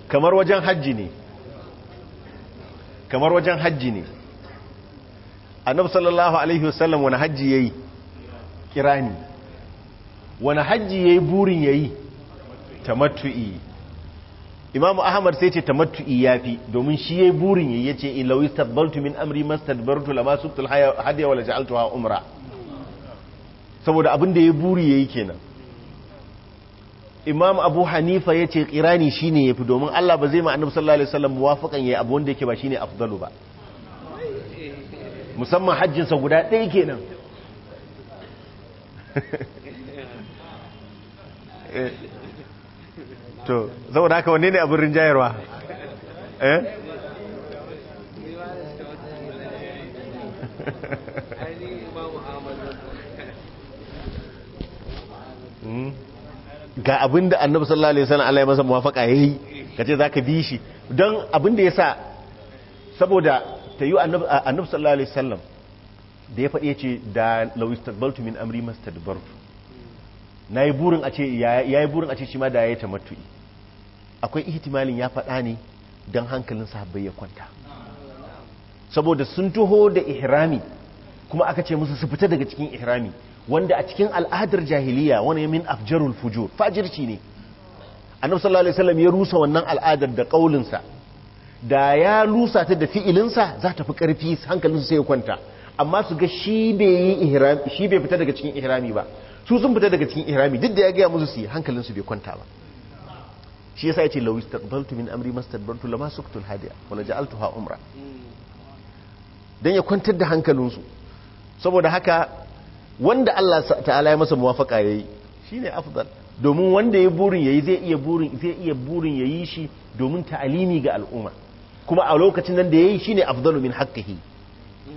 kamar wajen hajji ne kamar wajen hajji ne annabi sallallahu alaihi wasallam wani hajji yayi kirani wani hajji ya yi burin ya yi tamattu'i imamu ahmad sai ce tamattu'i ya fi domin shi ya yi burin ya yi ya ce ilawi stadbaltu min amri mastadbartu lama subtul hadiya wala ja'altu ha umra saboda abin da ya buri ya yi kenan imam abu hanifa ya ce kirani shi ne ya fi domin allah ba zai ma'anar sallallahu alaihi wasallam muwafakan ya yi abu wanda yake ba shi ne afdalu ba musamman hajjinsa guda ɗaya kenan Eh, to saboda ka wanne ne abin rinjayarwa eh hmm? ga abin da annabi sallallahu alaihi wasallam Allah ya masa muwafaka yayi kace zaka bi shi don abin da yasa saboda tayu annabi annabi sallallahu alaihi wasallam da ya faɗe ce da lawistakbaltu min amri mastadbartu na yi burin a ce ya yi burin a ce shi ma da ya yi ta matu'i akwai ihtimalin ya faɗa ne don hankalin sahabbai ya kwanta saboda sun taho da ihrami kuma aka ce musu su fita daga cikin ihrami wanda a cikin al'adar jahiliya wani min afjarul fujo fajirci ne annabi sallallahu alaihi ya rusa wannan al'adar da kaulinsa da ya lusa ta da fi'ilinsa za ta fi ƙarfi hankalinsu sai ya kwanta amma su ga shi bai yi fita daga cikin ihrami ba su sun fita daga cikin ihrami duk da ya gaya musu su hankalin su bai kwanta ba shi yasa yace law istaqbaltu min amri mastadbartu lama suktul hadiya ja ja'altuha umra dan ya kwantar da hankalin su saboda haka wanda Allah ta'ala ya masa muwafaka yayi shine afdal domin wanda ya burin yayi zai iya burin zai iya burin yayi shi domin ta'alimi ga al'umma kuma a lokacin nan da ya yi shine afdalu min haqqihi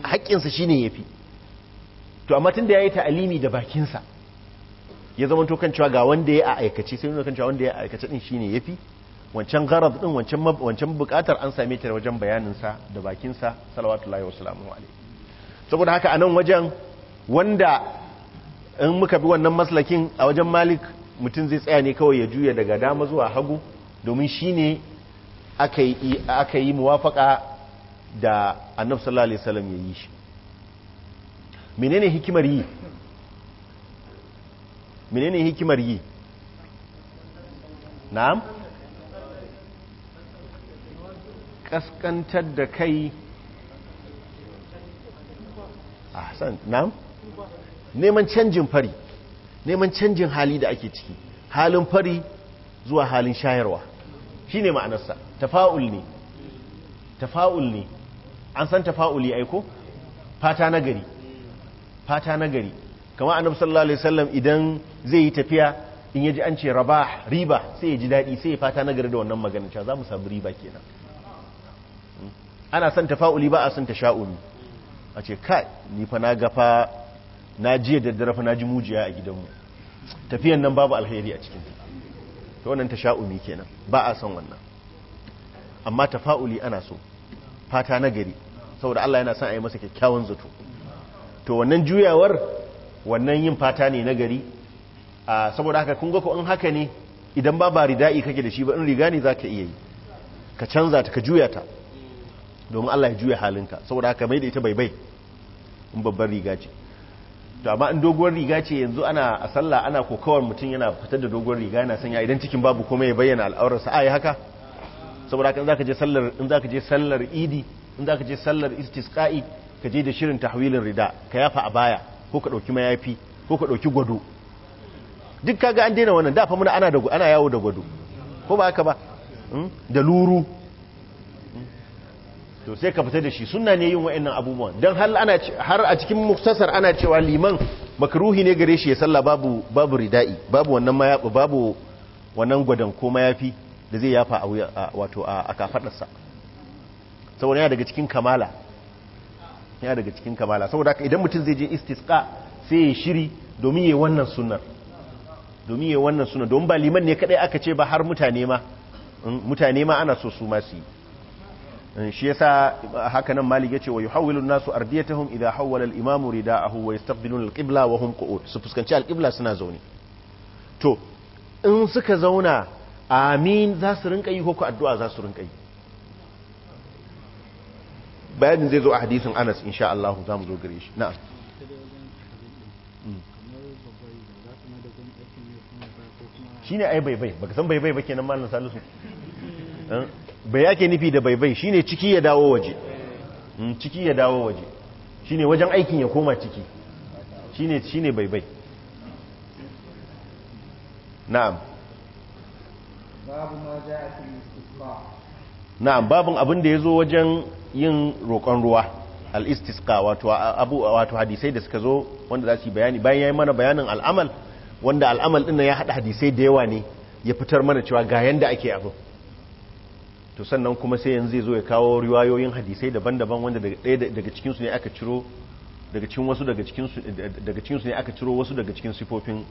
haƙƙinsa shi ne ya fi to amma tun da ya yi ta'alimi da bakinsa ya zama to cewa ga wanda ya aikace sai nuna cewa wanda ya aikace din ya fi wancan gharad din wancan bukatar an same ta wajen bayanin sa da bakin sa salawatullahi wasalamu saboda haka anan wajen wanda in muka bi wannan maslakin a wajen malik mutum zai tsaya ne kawai ya juya daga dama zuwa hagu domin shine ne aka yi muwafaka da annabi sallallahu alaihi wasallam ya yi shi menene hikimar yi menene hikimar yi na'am kaskantar da kai san na'am neman canjin fari neman canjin hali da ake ciki halin fari zuwa halin shayarwa shine ma'anarsa tafa'ul ne tafa'ul ne an san tafa'uli aiko fata na gari fata na gari kama annabi sallallahu alaihi wasallam idan zai yi tafiya in yaji an ce rabah riba sai ya ji dadi sai ya fata na gari da wannan maganin cewa za mu samu riba kenan hmm? ana san tafa'uli ba a san tasha'umi a ce kai ni fa na gafa na ji da daddare fa na ji mujiya a gidanmu tafiyan nan babu alheri a cikin ta wannan tasha'umi kenan ba a san wannan amma tafa'uli ana so fata na gari saboda Allah yana son a yi masa kyakkyawan zato to wannan juyawar wannan yin fata ne na gari saboda haka kun ga in haka ne idan ba ba rida'i kake da shi ba in riga ne za ka iya yi ka canza ta ka juya ta domin Allah ya juya halinka saboda haka mai da ita bai bai in babban riga ce to amma in doguwar riga ce yanzu ana a sallah ana kokawar mutum yana fitar da doguwar riga yana sanya idan cikin babu komai ya bayyana al'aurarsa a yi haka saboda haka in za je in zaka je sallar idi in za ka je sallar istisqa'i ka je da shirin tahwilin rida ka yafa a baya ko ka ɗauki mayafi ko ka ɗauki gwado duk kaga an daina wannan da fa muna ana da ana yawo da gwado ko ba haka ba hmm? da luru hmm? to sai ka fita da shi sunna ne yin wa'annan abubuwan dan har ana har a cikin muktasar ana cewa liman makruhi ne gare shi ya salla babu babu rida'i babu wannan mayafi babu wannan gwadan ko mayafi da zai yafa a wato a kafadarsa saboda yana daga cikin kamala yana daga cikin kamala saboda haka idan mutum zai je istisqa sai ya shiri domin yi wannan sunnar domin yi wannan sunnar domin ba liman ne kadai aka ce ba har mutane ma mm, mutane ma ana so su ma su yi mm, shi yasa haka nan malik yace wa yuhawwilu an-nasu ardiyatahum idha hawwala al-imamu rida'ahu wa yastaqbiluna al-qibla wa hum qu'ud su fuskanci al-qibla suna zaune to in suka zauna amin za su rinka yi ko addu'a za su rinka yi bayanin zai zo a hadisin anas insha Allah za mu zo gare shi na'am shine ai baibai baka san baibai ba kenan mallan salisu eh? bai yake nufi da baibai shine ciki ya dawo waje hmm, ciki ya dawo waje shine wajen aikin ya koma ciki shine shine baibai na'am babu ma ja'a fil istisqa na'am babin abin da ya zo wajen yin roƙon ruwa al wato hadisai da suka zo wanda za su yi bayani bayan ya yi mana bayanin al'amal wanda al'amal na ya haɗa hadisai da yawa ne ya fitar mana cewa ga yanda ake abu to sannan kuma sai yanzu zai zo ya kawo riwayoyin hadisai daban-daban wanda daga cikinsu ne aka ciro daga cikin wasu daga cikin daga ne aka ciro wasu daga cikin sifofin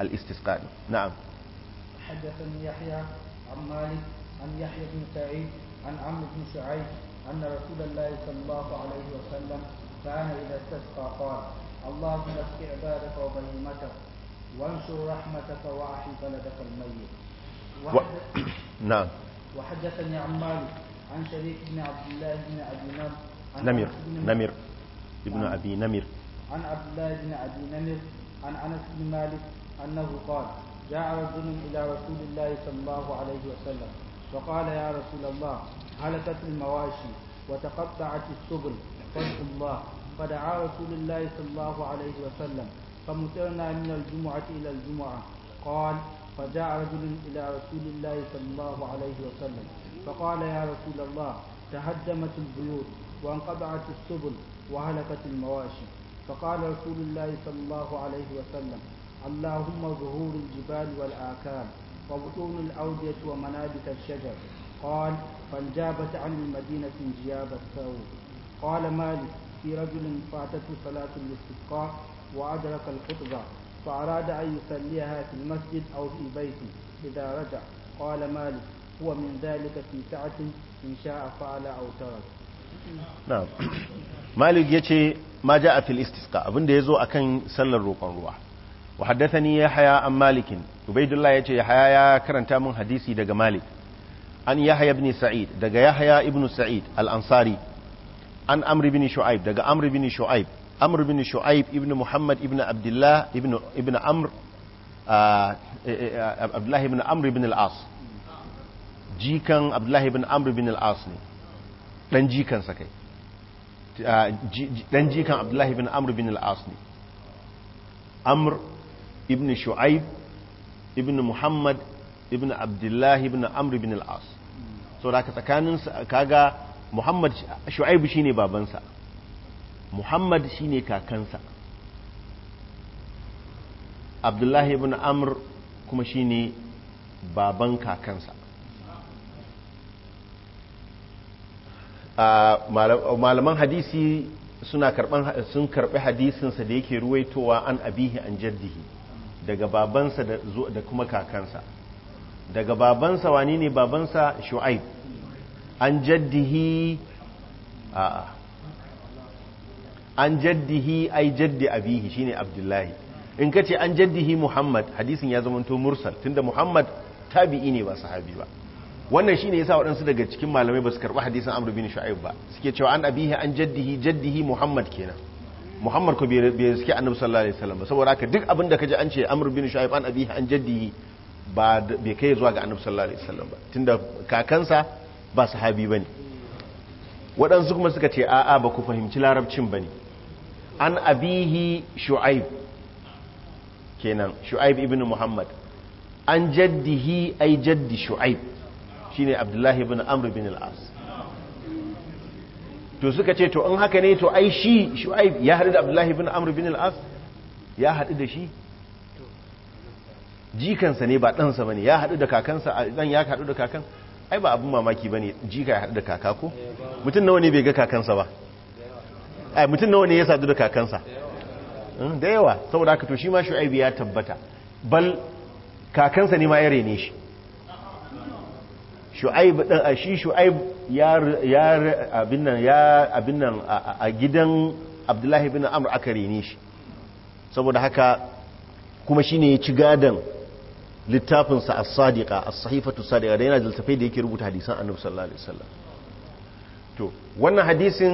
al na'am عن يحيى بن سعيد عن عمرو بن شعيب أن رسول الله صلى الله عليه وسلم كان إذا استسقى قال اللهم اسق عبادك وبهيمتك وانشر رحمتك وأحي بلدك الميت و... نعم وحدثني عن مالك عن شريك بن عبد الله بن أبي نمر نمر نمر ابن أبي نمر عن عبد الله بن أبي نمر عن أنس بن مالك أنه قال جاء رجل إلى رسول الله صلى الله عليه وسلم فقال يا رسول الله هلكت المواشي وتقطعت السبل فاتقوا الله فدعا رسول الله صلى الله عليه وسلم فمترنا من الجمعة إلى الجمعة قال فجاء رجل إلى رسول الله صلى الله عليه وسلم فقال يا رسول الله تهدمت البيوت وانقطعت السبل وهلكت المواشي فقال رسول الله صلى الله عليه وسلم اللهم ظهور الجبال والآكال وبطون الأودية ومنابت الشجر قال فانجابت عن المدينة انجياب الثور قال مالك في رجل فاتته صلاة الاستسقاء وأدرك الخطبة فأراد أن يصليها في المسجد أو في بيته إذا رجع قال مالك هو من ذلك في سعة إن شاء فعل أو ترك نعم مالك يتي ما جاء في الاستسقاء abin da yazo akan sallar roƙon ruwa wa haddathani yahya an malik ubaidullah yace yahya ya karanta min hadisi daga malik an yahya ibn sa'id daga yahya ibn sa'id al-ansari an amr ibn shu'aib daga amr ibn shu'aib amr ibn shu'aib ibn muhammad ibn abdullah ibn ibn amr uh, eh, eh, eh, abdullah ibn amr ibn al-as jikan abdullah ibn amr ibn al-as ne dan jikan sa kai uh, dan jikan abdullah ibn amr ibn al-as ne amr ibn shu'aib ibn muhammad ibn abdullahi ibn amr ibn al-as so da ka tsakanin kaga muhammad shu'aib shine babansa muhammad shine kakansa abdullahi ibn amr kuma shine baban kakansa malaman hadisi suna karban sun karbi hadisinsa da yake ruwaitowa an abihi an jaddihi daga babansa da kuma kakansa daga babansa wani ne babansa shu'aib an jaddihi a an jaddihi ai jaddi abihi shine abdullahi in ka ce an jaddihi muhammad hadisin ya zamanto mursal tunda muhammad tabi'i ne ba sahabi ba wannan shine yasa waɗansu daga cikin malamai ba su karɓi hadisin amr bin shu'aib ba suke cewa an abihi an jaddihi jaddihi muhammad kenan muhammad ko bai suke annabi sallallahu alaihi wasallam saboda haka duk abin da kaji an ce amr bin shu'aib an abi an jaddi ba bai kai zuwa ga annabi sallallahu alaihi wasallam ba tunda kakansa ba sahabi bane waɗansu kuma suka ce a'a ba ku fahimci larabcin bane an abihi shu'aib kenan shu'aib ibn muhammad an jaddihi ai jaddi shu'aib shine abdullahi ibn amr bin al-as to suka ce to in haka ne to ai shi shu'aib ya haɗu da abdullahi bin amr bin al-as ya haɗu da shi jikansa ne ba ɗansa ba ne ya haɗu da kakansa ɗan ya haɗu da kakan ai ba abin mamaki ba ne jika ya haɗu da kaka ko mutum nawa ne bai ga kakansa ba ai mutum nawa ne ya sadu da kakansa hmm, da yawa saboda haka to shi ma Shu'aib ya tabbata bal kakansa ne ma ya rene shi shu'aib din shi shu'aib ya ya abin nan ya abin nan a gidan abdullahi bin amr aka ne shi saboda haka kuma shine ya ci gadan littafin sa as-sadiqa as-sahifatu sadiqa da yana da da yake rubuta hadisan annabi sallallahu alaihi wasallam to wannan hadisin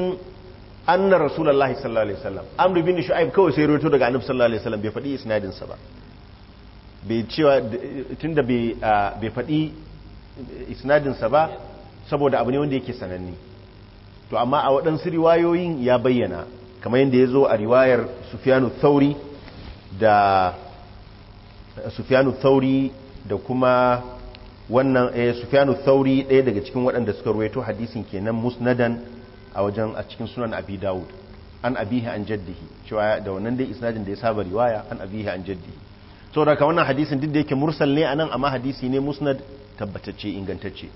anna rasulullahi sallallahu alaihi wasallam amr bin shu'aib kawai sai ruwato daga annabi sallallahu alaihi wasallam bai faɗi isnadin sa ba bai cewa tunda bai faɗi isnadinsa ba saboda abu ne wanda yake sananni to amma a waɗansu riwayoyin ya bayyana kamar yadda ya zo a riwayar sufiyanu thauri da sufiyanu thauri da kuma wannan ya eh, sufiyanu thauri ɗaya daga cikin waɗanda suka ruwaito hadisin kenan musnadan a wajen a cikin sunan abi dawud an abihi an jaddihi cewa da wannan dai isnadin da ya saba riwaya an abihi an jaddihi saboda ka wannan hadisin duk da yake mursal ne anan amma hadisi ne musnad tabbatacce ingantacce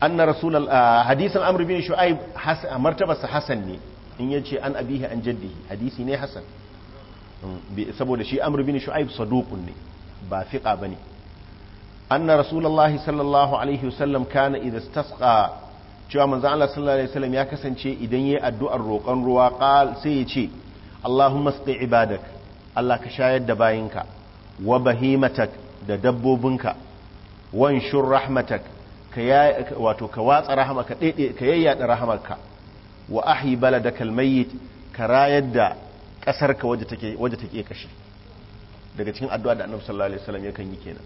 anna rasulal ah, hadisin amr bin shu'aib martabarsa Hassan ne in yace an abihi an jaddihi hadisi ne Hassan mm, saboda shi amr bin shu'aib sadukun ne ba fiqa bane na rasulullahi sallallahu alaihi wasallam kana idza istasqa cewa manzo Allah sallallahu alaihi wasallam ya kasance idan ya yi addu'ar roƙon ruwa qal sai ya ce Allahumma sqi ibadak Allah ka shayar da bayinka wa bahimatak da dabbobinka wanshin rahmatak wato ka watsa rahama ka dede ka yayyada rahamarka wa bala da mayyit ka rayar da kasarka waje take waje kashi daga cikin addu'ar da Annabi sallallahu alaihi wasallam yakan yi kenan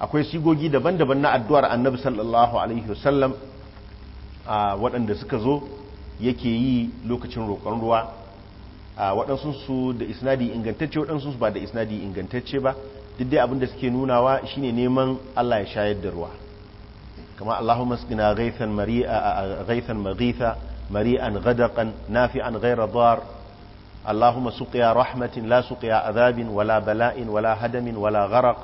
akwai sigogi daban-daban na addu'ar Annabi sallallahu alaihi wasallam a waɗanda suka zo yake yi lokacin roƙon ruwa a waɗansu su da isnadi ingantacce waɗansu su ba da isnadi ingantacce ba duk dai abin da suke nunawa shine neman Allah ya shayar da ruwa kama Allahumma asqina ghaythan mari'a ghaythan maghitha mari'an ghadaqan nafi'an ghayra dar Allahumma suqiya rahmatin la suqiya adhabin wala bala'in wala hadamin wala gharq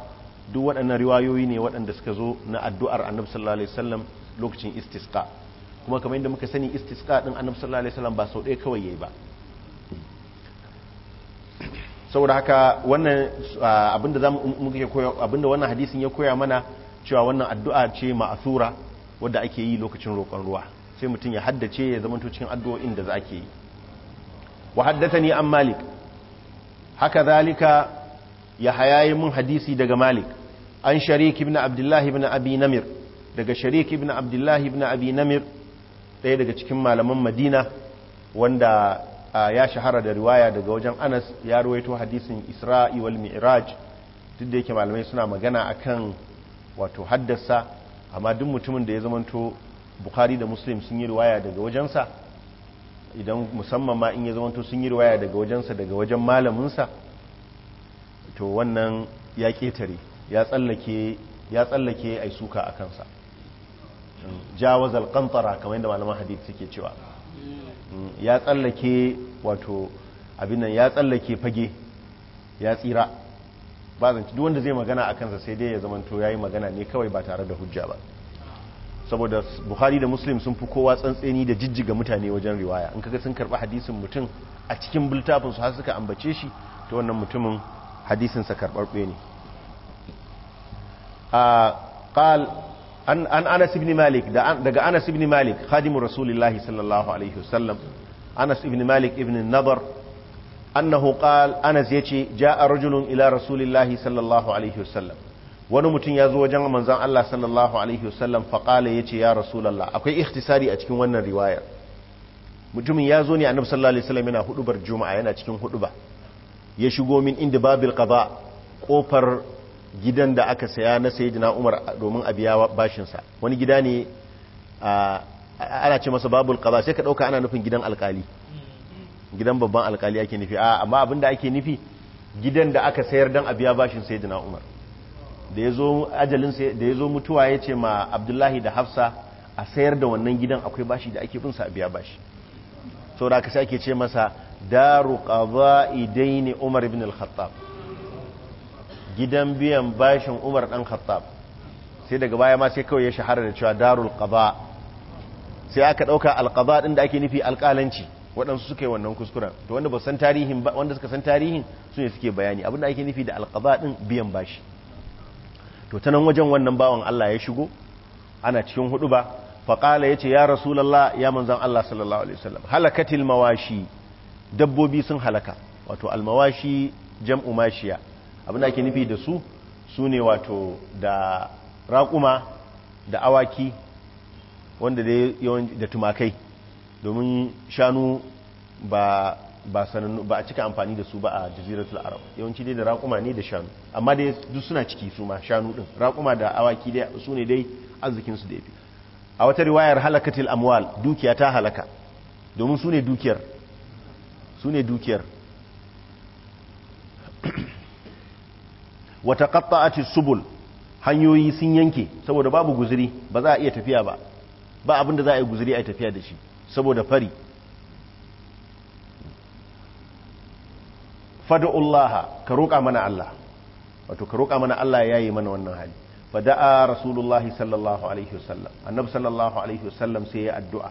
duk waɗannan riwayoyi ne waɗanda suka zo na addu'ar Annabi sallallahu alaihi wasallam lokacin istisqa kuma kamar yadda muka sani istisqa din Annabi sallallahu alaihi wasallam ba sau ɗaya kawai yayi ba saboda haka wannan ah, abinda mu kake koya abinda wannan hadisin ya koya mana cewa wannan addu'a ce ma'asura wadda ake yi lokacin roƙon ruwa sai mutum ya haddace ya zama cikin addu'o'in da za ke yi wa ni an malik haka zalika ya hayayi mun hadisi daga malik an sharik ibn abdullahi ibn abi namir daga sharik ibn abdullahi ibn abi namir ɗaya daga cikin malaman madina wanda ya shahara da riwaya daga wajen anas ya ruwaito hadisin isra'i wal mi'raj duk da yake malamai suna magana akan wato haddasa amma duk mutumin da ya zamanto bukhari da muslim sun yi riwaya daga wajensa idan musamman ma in ya zamanto sun yi riwaya daga wajensa daga wajen malaminsa to wannan ya ketare ya tsallake ya tsallake ai suka a kansa jawazal alqantara kamar yadda malaman hadith suke cewa ya tsallake wato abinan ya tsallake fage ya tsira ba zance duk wanda zai magana a kansa sai dai ya zamanto ya yi magana ne kawai ba tare da hujja ba saboda buhari da muslim sun fi kowa tsantseni da jijjiga mutane wajen riwaya in kaga sun karɓi hadisin mutum a cikin bultafinsu har suka ambace shi ta wannan mutumin hadisinsa karɓarɓe ne a ah, ƙal an anas ibn malik daga anas ibn malik khadimu rasulillahi sallallahu alaihi wasallam anas ibn malik ibn nadar annahu qal anas yace ja'a rajulun ila rasulillahi sallallahu alaihi wasallam wani mutum ya zo wajen manzon Allah sallallahu alaihi wasallam fa qala yace ya rasulullah akwai ikhtisari a cikin wannan riwayar mutumin ya zo ne annabi sallallahu alaihi wasallam yana hudubar juma'a yana cikin huduba ya shigo min inda babil qada kofar gidan da aka saya na sayyidina Umar domin a biya bashin sa wani gida ne ana ce masa babul qada sai ka dauka ana nufin gidan alkali gidan babban alkali ake nufi a amma abinda ake nufi gidan da aka sayar dan a biya bashin sayyidina Umar da yazo ajalin sai da yazo mutuwa yace ma Abdullahi da Hafsa a sayar da wannan gidan akwai bashi da ake bin sa a biya bashi saboda ka sai ake ce masa daru qada'i ne Umar ibn al-Khattab gidan biyan bashin umar ɗan khattab sai daga baya ma sai kawai ya shahara da cewa darul qada sai aka ɗauka alƙaba din da ake nufi alƙalanci waɗansu suka yi wannan kuskuren to wanda ba san tarihin ba wanda suka san tarihin su ne suke bayani abinda ake nufi da alƙaba ɗin biyan bashi to ta nan wajen wannan bawan Allah ya shigo ana cikin hudu ba faƙala ya ce ya rasulullah ya manzon Allah sallallahu alaihi wasallam halakatil mawashi dabbobi sun halaka wato almawashi jam'u mashiya abinda ake nufi da su su ne wato da raƙuma da awaki wanda da tumakai domin shanu ba ba a cika amfani da su ba a jaziratul arab yawanci dai da raƙuma ne da shanu amma dai duk suna ciki su ma shanu din raƙuma da awaki dai su ne dai arzikin su da yafi a wata riwayar halakatil amwal dukiya ta halaka domin su ne dukiyar su ne dukiyar wa taqatta'ati subul hanyoyi sun yanke saboda babu guzuri ba za a iya tafiya ba ba abin da za a yi guzuri a yi tafiya da shi saboda fari fada'ullaha ka roƙa mana Allah wato ka roƙa mana Allah ya yi mana wannan hali fada'a rasulullahi sallallahu alaihi wasallam annabi sallallahu alaihi wasallam sai ya addu'a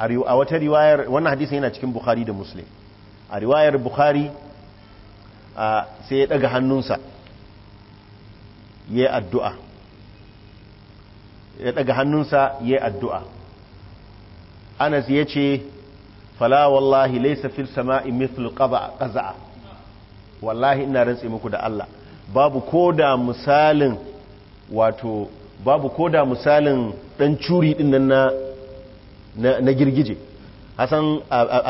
a wata riwayar wannan hadisi yana cikin bukhari da muslim a riwayar bukhari sai ya daga hannunsa ya addu'a ya daga hannunsa ya addu'a anas ya ce fala wallahi laisa fil sama'i mithlu qaza'a wallahi ina rantse muku da Allah babu ko da misalin wato babu ko da misalin dan curi ɗin nan na girgije hasan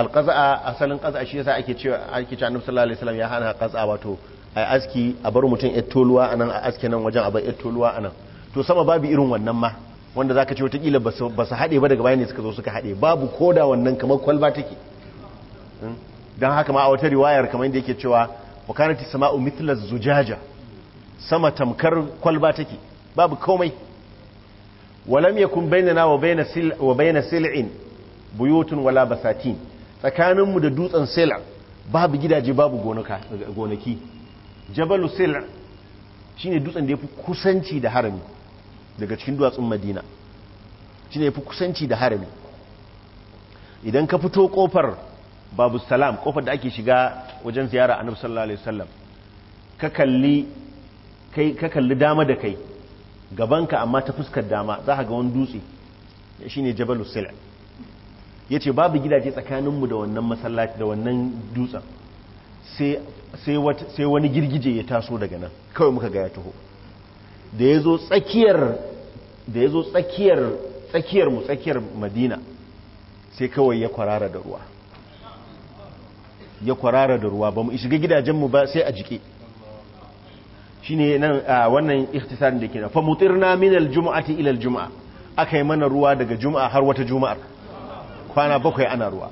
alqaza asalin qaza shi yasa ake cewa ake cewa annabi sallallahu alaihi wasallam ya hana qaza wato ai aski a bar mutum ettoluwa anan a aske nan wajen a bar ettoluwa anan to sama babu irin wannan ma wanda zaka ce watakila ba su haɗe ba daga baya ne suka zo suka haɗe babu koda wannan kamar kwalba take hmm? don haka ma a wata riwayar kamar inda yake cewa kanati sama'u mithla zujaja sama tamkar kwalba take babu komai walam yakun bainana wa bayna sil'in buyotun wala basatin tsakaninmu da dutsen sila babu gidaje babu gonaki jabalu sila shine dutsen da ya fi kusanci da harami daga cikin duwatsun madina ne ya fi kusanci da harami idan ka fito kofar babu salam kofar da ake shiga wajen ziyara a sallallahu alaihi wasallam ka kalli dama da kai gabanka amma ta fuskar dama za ka ga wani dutse shine jabalu sila ya ce babu gidaje tsakaninmu da wannan masallaci da wannan dutsen sai wani girgije ya taso daga nan kawai muka gaya taho da ya zo tsakiyar tsakiyar mu tsakiyar madina sai kawai ya kwarara da ruwa ya kwarara da ruwa ba mu shiga gidajenmu ba sai a jike shi ne nan wannan ikhtisarin da ke na minal juma'a ta ilal juma'a aka yi mana ruwa daga juma'a har wata juma'ar kwana bakwai ana ruwa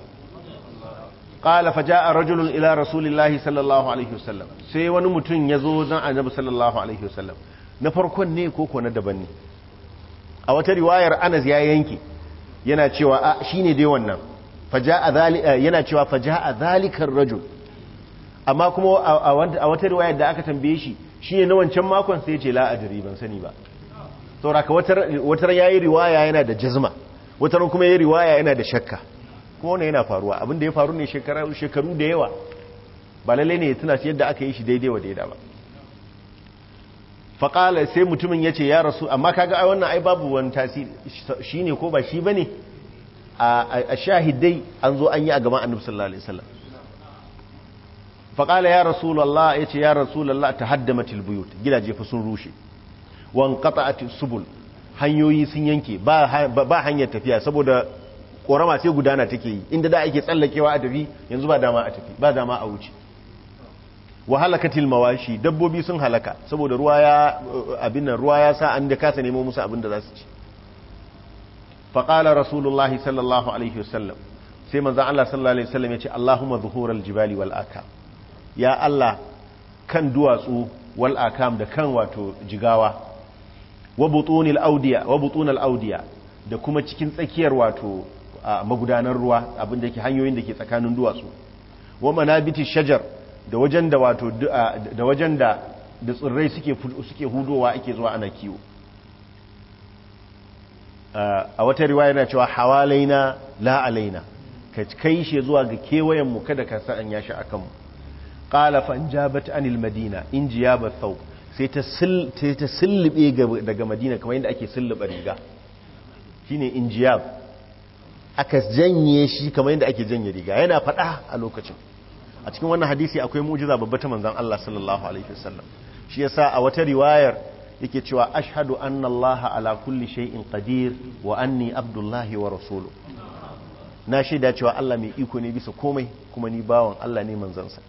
qala fa jaa rajulun ila rasulillahi sallallahu alaihi wasallam sai wani mutum ya zo zan annabi sallallahu alaihi wasallam na farkon ne ko ko na daban ne a wata riwayar Anas ya yanke yana cewa a shine dai wannan fa jaa zalika eh, yana cewa fa jaa zalika rajul amma kuma a wata riwayar da aka tambaye shi shine na wancan makon sai ya ce la adri ban sani ba saboda ka wata wata yayi riwaya yana da jazma wata ran kuma ya riwaya yana da shakka kuma wani yana faruwa abinda ya faru ne shekaru da yawa ba lalle ne ya tuna yadda aka yi shi daidai wa daidai ba faƙala sai mutumin ya ce ya rasu amma kaga a wannan ai babu wani tasiri shi ne ko ba shi ba ne a shahidai an zo an yi a gaban annabi sallallahu alaihi wasallam faƙala ya rasulullah ya ce ya rasu rasulullah ta haddama tilbiyot gidaje fa sun rushe wan qata'at subul hanyoyi sun yanke ba hanyar tafiya saboda korama sai gudana take yi inda da ake tsallakewa a tafi yanzu ba dama a tafi ba dama a wuce wa tilmawashi dabbobi sun halaka saboda ruwa ya abin nan ruwa ya sa an da kasa nemo musu abin da za su ci fa qala rasulullahi sallallahu alaihi wasallam sai manzo Allah sallallahu alaihi wasallam ya ce Allahumma zuhural jibali wal aka ya Allah kan duwatsu wal akam da kan wato jigawa wa butunil audiya da kuma cikin tsakiyar wato magudanar ruwa abin da yake hanyoyin da ke tsakanin duwatsu wa manabiti shajar da wajen da wato da wajen da da tsirrai suke suke hudowa ake zuwa ana kiwo a wata riwaya yana cewa hawalaina la alaina ka kai shi zuwa ga kewayen mu kada ka sa an yashi akan mu qala fa anjabat anil madina injiyabat thawb sai ta sullube daga madina kamar yadda ake sulluba riga shine injiyab aka janye shi kamar yadda ake janye riga yana fada a lokacin a cikin wannan hadisi akwai mujiza babba ta manzan Allah sallallahu alaihi wasallam shi yasa a wata riwayar yake cewa ashadu anna Allah ala kulli shay'in qadir wa anni abdullahi wa rasuluhu na shaida cewa Allah mai iko ne bisa komai kuma ni bawan Allah ne manzansa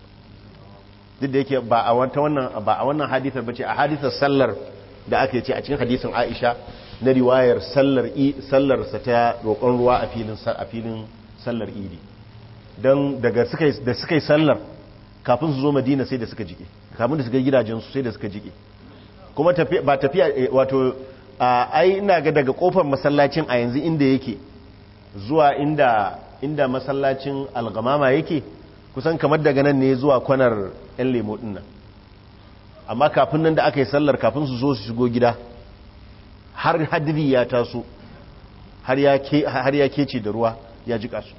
duk da yake ba a wata wannan ba a wannan hadisar bace a hadisar sallar da aka ce a cikin hadisin Aisha na riwayar sallar i sallar sa ta roƙon ruwa a filin a filin sallar idi dan daga suka da suka yi sallar kafin su zo Madina sai da suka jike kafin da suka gidajen su sai da suka jike kuma tafiya ba tafiya eh, wato ai ina ga daga kofar masallacin a yanzu inda yake zuwa inda inda masallacin algamama yake kusan kamar daga nan ne zuwa kwanar 'yan lemo dinnan amma kafin nan da aka yi sallar kafin su zo su shigo gida har hadiri ya taso har ya kece da ruwa ya ji su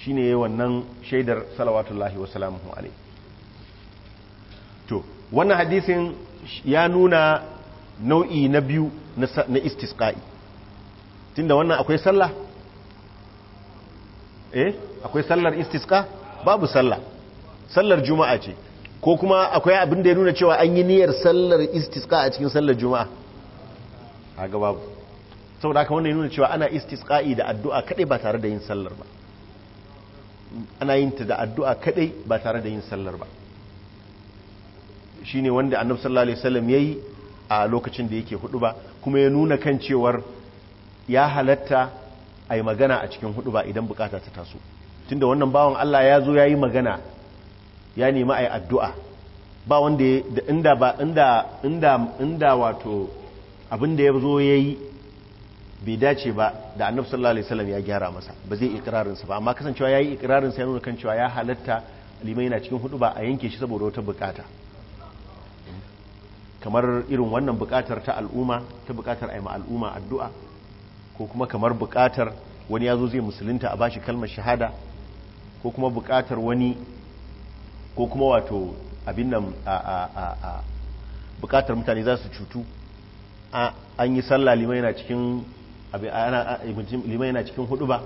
shi ne wannan shaidar salawatullahi wasalamu to wannan hadisin ya nuna nau'i na biyu na istisqa'i tunda wannan akwai sallah eh akwai sallar istisqa babu sallah sallar juma'a ce ko kuma akwai abin da ya nuna cewa an yi niyyar sallar istisqa a cikin sallar juma'a kaga babu saboda haka wannan ya nuna cewa ana istisqa'i da addu'a kadai ba tare da yin sallar ba ana yin ta da addu'a kadai ba tare da yin sallar ba shine wanda annabi sallallahu alaihi wasallam yayi a lokacin da yake hudu ba kuma ya nuna kan cewar ya halatta a magana a cikin hudu ba idan bukata ta taso tunda wannan bawan Allah ya zo ya yi magana ya nemi a yi addu'a ba wanda da inda ba inda wato abin da ya zo ya yi bai dace ba da annabi sallallahu alaihi wasallam ya gyara masa ba zai ikirarinsa ba amma kasancewa yayi ikirarin sa ya nuna kan cewa ya halatta limai na cikin hudu ba a yanke shi saboda wata bukata kamar irin wannan bukatar ta al'umma ta bukatar aima al'umma addu'a ko kuma kamar bukatar wani ya zo zai musulunta a bashi kalmar shahada ko kuma bukatar wani ko kuma wato abin nan a bukatar mutane za su cutu an yi sallah liman yana cikin cikin hudu ba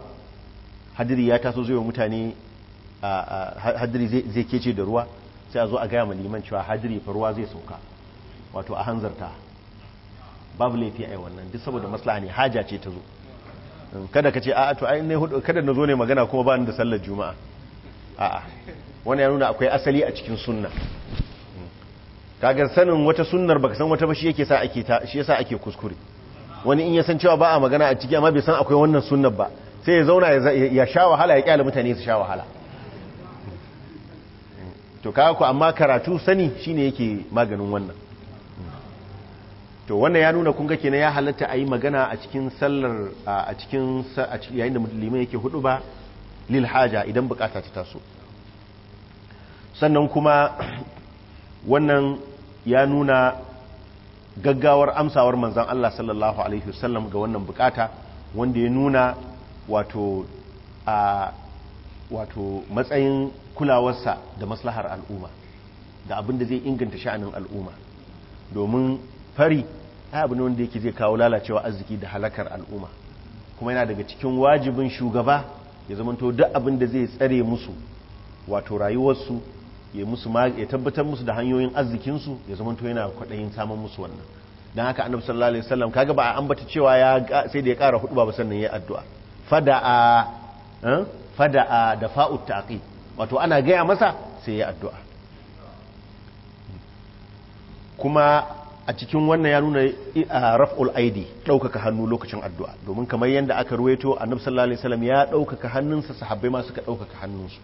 hadiri ya taso zai wa mutane hadiri zai kece da ruwa sai a zo a gaya ma liman cewa hadiri fa ruwa zai sauka wato a hanzarta babu laifi a yi wannan duk saboda maslaha ne haja ce ta zo kada ka ce a to ai ne hudu kada na zo ne magana kuma ba ni da sallar juma'a a wani ya nuna akwai asali a cikin sunna kaga sanin wata sunnar baka san wata ba shi yake sa ake shi yasa ake kuskure wani in ya san cewa ba a magana a ciki amma bai san akwai wannan sunnar ba sai ya zauna ya sha wahala ya kyale mutane su sha wahala to kaga ku amma karatu sani shine yake maganin wannan to wannan ya nuna kunga kenan ya halatta a yi magana a cikin sallar a cikin yayin da liman yake hudu ba lil haja idan bukata ta taso sannan kuma wannan ya nuna gaggawar amsawar manzan Allah sallallahu alaihi wasallam ga wannan bukata wanda ya nuna wato wato matsayin kulawarsa da maslahar al'umma da abin da zai inganta sha'anin al'umma domin fari ai abu ne wanda yake zai kawo lalacewa arziki da halakar al'umma kuma yana daga cikin wajibin shugaba ya zamanto duk abin da zai tsare musu wato rayuwarsu ya musu ya tabbatar musu da hanyoyin arzikin su ya zamanto yana kwaɗayin samun musu wannan dan haka annabi sallallahu alaihi wasallam kaga ba a ambata cewa ya sai da ya kara hudu ba sannan ya addu'a fada'a eh? fada'a da fa'ut taqi wato ana gaya masa sai ya addu'a kuma a cikin wannan ya nuna raf'ul aidi ɗaukaka hannu lokacin addu'a domin kamar yadda aka ruwe to sallallahu alaihi wasallam ya ɗaukaka hannunsa sahabbai ma suka ɗaukaka hannunsu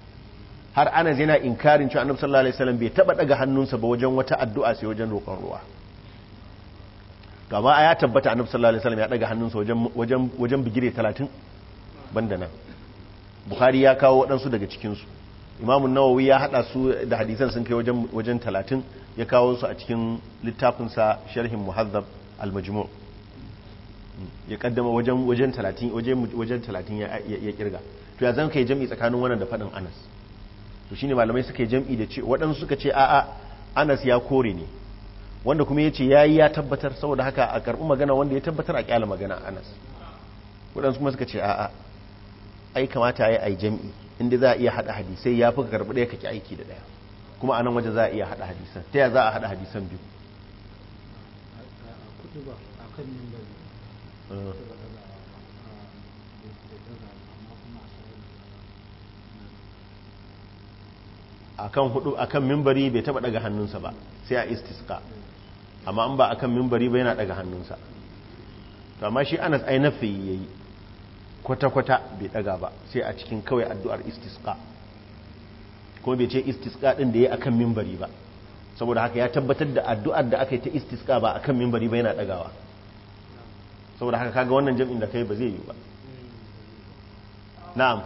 har ana yana inkarin cewa annabi sallallahu alaihi wasallam bai taɓa ɗaga hannunsa ba wajen wata addu'a sai wajen roƙon ruwa to amma ya tabbata a sallallahu alaihi wasallam ya ɗaga hannunsa wajen wajen wajen bigire 30 banda nan bukhari ya kawo waɗansu daga cikin su nawawi ya haɗa su da hadisan sun kai wajen wajen ya kawo su a cikin littafinsa sharhin muhazzab al-majmu' ya kaddama wajen wajen 30 wajen wajen 30 ya kirga to ya zan kai jam'i tsakanin wannan da fadin Anas to shine malamai suka yi jam'i da ce waɗansu suka ce a'a Anas ya kore ne wanda kuma yace yayi ya tabbatar saboda haka a karɓi magana wanda ya tabbatar a kyala magana Anas waɗansu kuma suka ce a'a ai kamata yayi ai jam'i inda za a iya hada hadisi ya fi karɓi ɗaya kake aiki da ɗaya kuma a nan wajen za a iya hada hadisan ta ya za a hada hadisan biyu akan hudu kan mimbari bai taba daga hannunsa ba sai a istiska amma an ba akan mimbari ba yana daga hannunsa to amma shi Anas ai nafi yayi kwata kwata bai daga ba sai a cikin kawai addu'ar istiska ko bai ce istiska din da ya akan mimbari ba saboda haka ya tabbatar da addu'ar da aka yi ta istiska ba akan mimbari ba yana dagawa saboda haka kaga wannan jami'in da kai ba zai yi ba na'am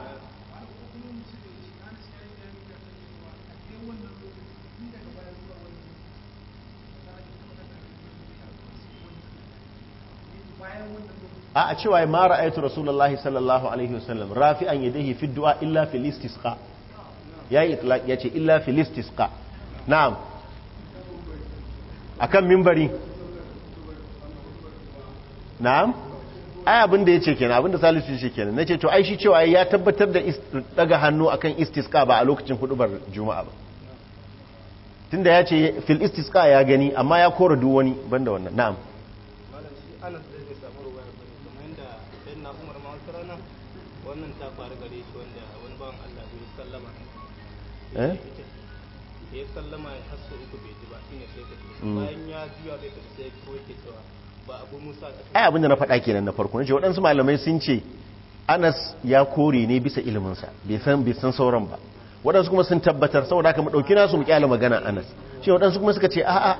a a cewa ma aitu Rasulallah sallallahu alaihi wasallam rafi'an yadayhi fi du'a illa fil istisqa ya yi itlaq ya ce illa filistisqa na'am kan mimbari na'am ai abin da ya ce kenan abin da salisu ya ce kenan na ce to ai shi cewa ya tabbatar da daga hannu akan istiska ba a lokacin hudubar juma'a ba tun da ya ce fil istisqa ya gani amma ya kora duk wani banda wannan na'am wannan ta faru gare shi wanda wani bawan Allah bai sallama Eh? ya mm. na faɗa kenan na farko nace waɗansu malamai sun ce Anas ya kore ne bisa ilimin sa bai san bai san sauran ba waɗansu kuma sun tabbatar saboda haka mu dauki nasu mu kyale magana Anas shi waɗansu kuma suka ce a'a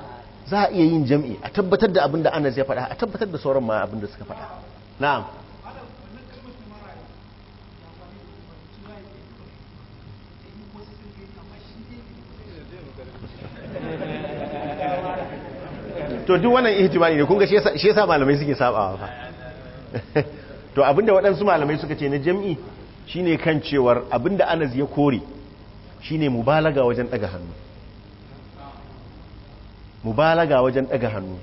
za a iya yin jam'i a tabbatar da abinda Anas ya faɗa a tabbatar da sauran ma abinda suka faɗa na'am to duk wannan ihtimali ne kun ga shi yasa malamai suke sabawa fa to abinda waɗansu malamai suka ce na jami'i shine kan cewar abinda Anas ya kore shine mubalaga wajen daga hannu mubalaga wajen daga hannu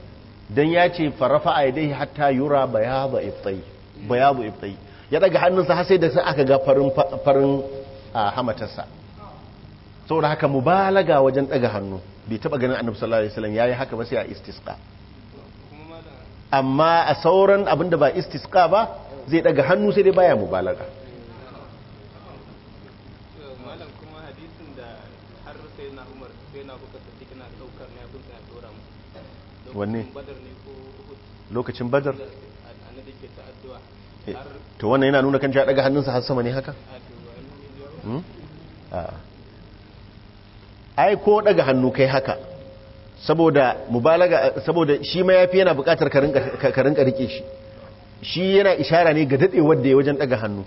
dan ya ce farafa aidai hatta yura bayaba ibtai bayabu ibtai ya daga hannunsa har sai da sai aka ga farin farin ah, hamatarsa saboda haka mubalaga wajen daga hannu bai taba ganin annabi sallallahu alaihi wasallam yayi haka ba sai a istisqa amma a sauran abinda ba istisqa ba zai daga hannu sai dai baya mubalaga wanne lokacin badar eh, to wannan yana nuna kan ja daga hannunsa har sama ne haka ai ko daga hannu kai haka saboda mubalaga saboda shi ma yafi yana bukatar ka rinka rike shi shi yana ishara ne ga dadewar da ya wajen daga hannu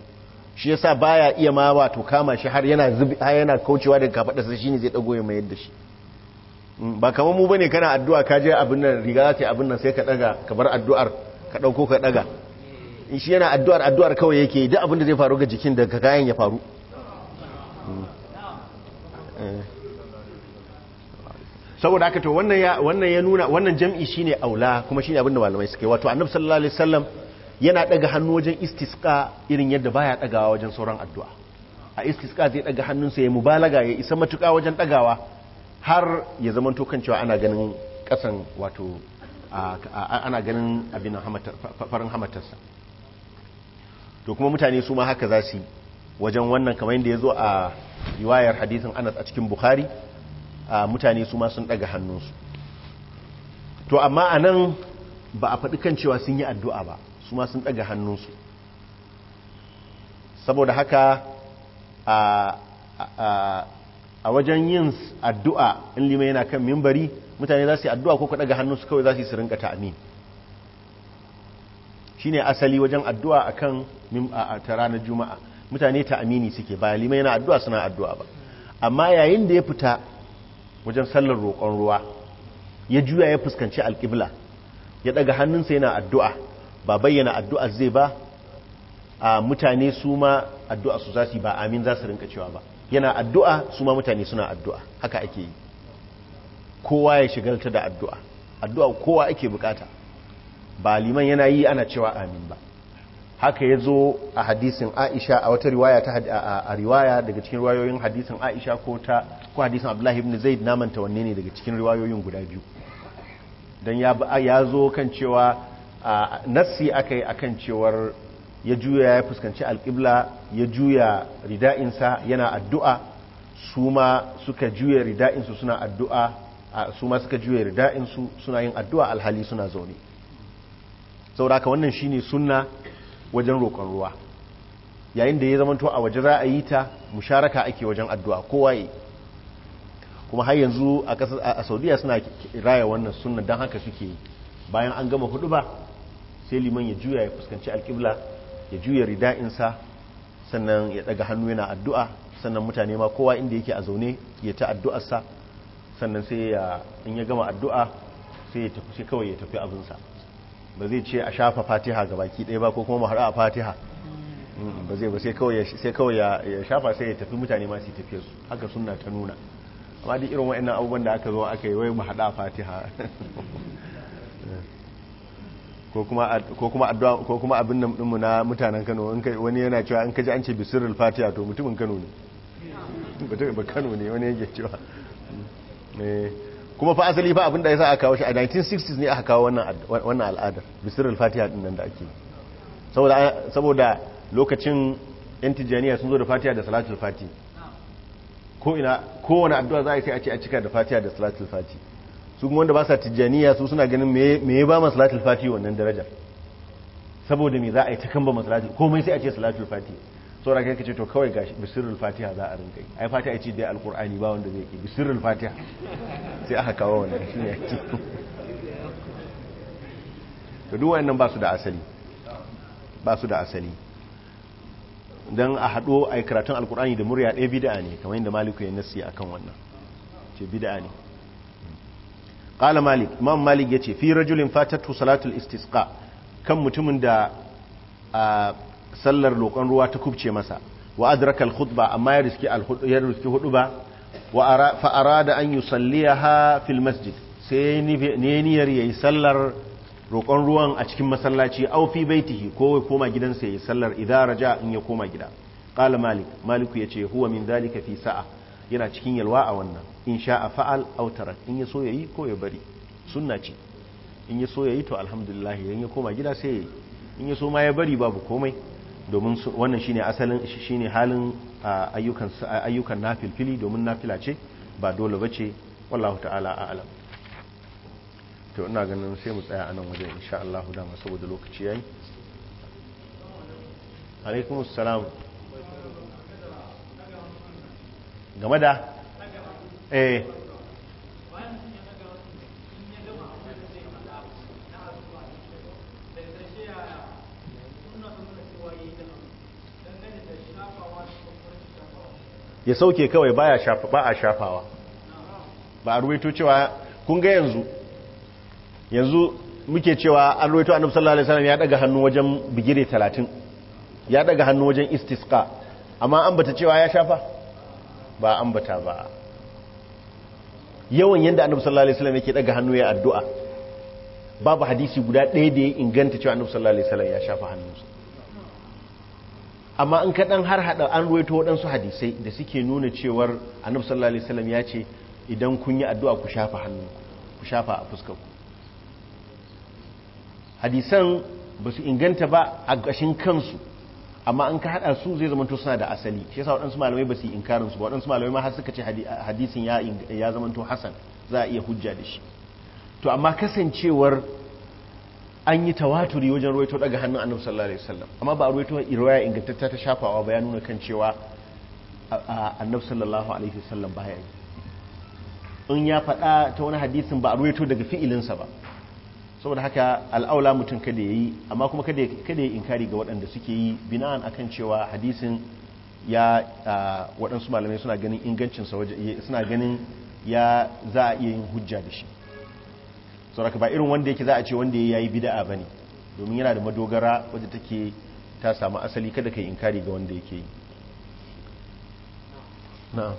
shi yasa baya iya ma wato kama shi har yana yana kaucewa daga sai shine zai dago ya mayar da shi mm, ba kamar mu bane kana addu'a ka je abin nan riga ta abin nan sai ka daga ka bar addu'ar ka dauko ka daga shi yana addu'ar addu'ar kawai yake duk abin da zai faru ga jikin da kayan ya faru mm. eh. saboda aka to wannan ya wannan nuna wannan jam'i shine aula kuma shine abin da malamai suke wato annabi sallallahu alaihi wasallam yana daga hannu wajen istisqa irin yadda baya dagawa wajen sauran addu'a a istisqa zai daga hannunsa ya mubalaga ya isa matuka wajen dagawa har ya zama to kan cewa ana ganin kasan wato ana ganin abin farin hamatarsa to kuma mutane su ma haka za su yi wajen wannan kamar yadda ya zo a riwayar hadisin anas a cikin bukhari mutane su ma sun daga hannunsu to amma a nan ba a faɗi kan cewa sun yi addu'a ba su ma sun daga hannunsu saboda haka a wajen yin addu'a in lima yana kan mimbari mutane za su yi addu'a ko ku daga hannunsu kawai za su yi su rinka ta'amin shi ne asali wajen addu'a a kan ta ranar juma'a mutane ta amini suke ba lima yana addu'a suna addu'a ba amma yayin da ya fita wajen sallar roƙon ruwa ya juya ya fuskanci alƙibla ya ɗaga hannunsa yana addu'a ba bayyana addu'a zai ba a mutane su ma addu'a su za su ba amin za su rinka cewa ba yana addu'a su ma mutane suna addu'a haka ake yi kowa ya shigalta da addu'a addu'a kowa ake bukata ba liman yana yi ana cewa amin ba haka ya zo a hadisin aisha a wata riwaya ta a riwaya daga cikin riwayoyin hadisin aisha ko ta ko hadisin abdullahi ibn zaid namanta wanne ne daga cikin riwayoyin guda biyu don ya zo kan cewa nassi aka yi akan cewar ya juya ya fuskanci alƙibla ya juya rida'insa yana addu'a su ma suka juya rida'insu suna addu'a su suka juya rida'insu suna yin addu'a alhali suna zaune sauraka wannan shine sunna wajen roƙon ruwa yayin da ya zamanto a waje ra'ayi a yi ta musharaka ake wajen addu'a kowa yi kuma har yanzu a saudiya suna raya wannan sunna dan haka suke bayan an gama hudu ba sai liman ya juya ya fuskanci alƙibla ya juya rida'insa sannan ya daga hannu yana addu'a sannan mutane ma kowa inda yake a zaune ya ta addu'arsa sannan sai ya in ya gama addu'a sai kawai ya tafi abinsa ba zai ce a shafa fatiha ga baki ɗaya ba ko kuma mahara a fatiha ba zai ba sai kawai ya shafa sai ya tafi mutane masu su tafiye su haka suna ta nuna amma duk irin wa'annan abubuwan da aka zo aka yi wai mahara a fatiha ko kuma abin nan ɗinmu na mutanen kano wani yana cewa in kaji an ce bisirin fatiha to mutumin kano ne ba kano ne wani yake cewa mm. eh. kuma fa asali fa abin da yasa aka kawo shi a 1960s ne aka kawo wannan wannan al'adar bisirul fatiha din nan da ake saboda saboda lokacin yan sun zo da fatiha da salatul fati ko ina wani addu'a za a yi sai a ce a cika da fatiha da salatul fati su kuma wanda ba sa tijaniya su suna ganin me ya ba mu salatul fati wannan darajar saboda me za a yi ta kamba masalatul komai sai a ce salatul fati saboda kai kace to kawai gashi bisirul fatiha za a rinka yi ai fatiha ce dai alqur'ani ba wanda zai yi bisirul fatiha sai aka kawo wannan ne ce to duk wayannan ba su da asali ba su da asali dan a hado ai karatun alqur'ani da murya ɗaya bid'a ne kamar yadda maliku ya nasi akan wannan ce bid'a ne qala malik imam malik yace fi rajulin fatatu salatul istisqa kan mutumin da sallar roƙon ruwa ta kubce masa wa adraka khutba amma ya riski ya riski ba wa fa arada an yusalliha fil masjid sai ne niyyar yayi sallar roƙon ruwan a cikin masallaci aw fi baitihi ko ya koma gidansa yayi sallar idza raja in ya koma gida qala malik maliku yace huwa min dalika fi sa'a yana cikin yalwa a wannan in sha'a fa'al aw tarak in ya so yayi ko ya bari sunna ce in ya so yayi to alhamdulillah in ya koma gida sai yayi in ya so ma ya bari babu komai domin wannan shine asalin shine halin ayyukan ayyukan nafilfili domin nafila ce ba dole bace wallahu ta'ala a'lam to ina ganin sai mu tsaya anan waje. insha Allah dama saboda lokaci yayi alaikum assalam game da eh ya sauke kawai ba a shafawa ba a ruwaito cewa kun ga yanzu yanzu muke cewa an ruwaito annabi sallallahu alaihi wasallam ya daga hannu wajen bigire 30 ya daga hannu wajen istisqa amma an bata cewa ya shafa ba an bata ba yawan yanda annabi sallallahu alaihi wasallam yake daga hannu ya addu'a babu hadisi guda ɗaya da ya inganta cewa annabi sallallahu alaihi wasallam ya shafa hannunsa amma in ka dan har hada an ruwaito waɗansu hadisai da suke nuna cewar annabi sallallahu alaihi wasallam ya ce idan kun yi addu'a ku shafa hannunku ku shafa a fuskarku hadisan ba su inganta ba a gashin kansu amma an ka hada su zai zama to suna da asali shi yasa waɗansu malamai ba su yi inkarin su ba waɗansu malamai ma har suka ce hadisin ya ya zama to hasan za a iya hujja da shi to amma kasancewar an yi tawaturi wajen ruwaito daga hannun annabi sallallahu alaihi wasallam amma ba a ruwaito riwaya ingantatta ta shafawa ba ya nuna kan cewa annabi sallallahu alaihi wasallam ya yi in ya faɗa ta wani hadisin ba a ruwaito daga fi'ilin sa ba saboda haka al'aula mutum kada ya amma kuma kada ya yi inkari ga waɗanda suke yi bina'an akan cewa hadisin ya waɗansu malamai suna ganin ingancinsa suna ganin ya za a iya yin hujja da shi sauraka ba irin wanda yake za a ce wanda ya yi bida'a ba ne domin yana da madogara wadda take ta samu asali kada ka yi inkari ga wanda yake yi na'am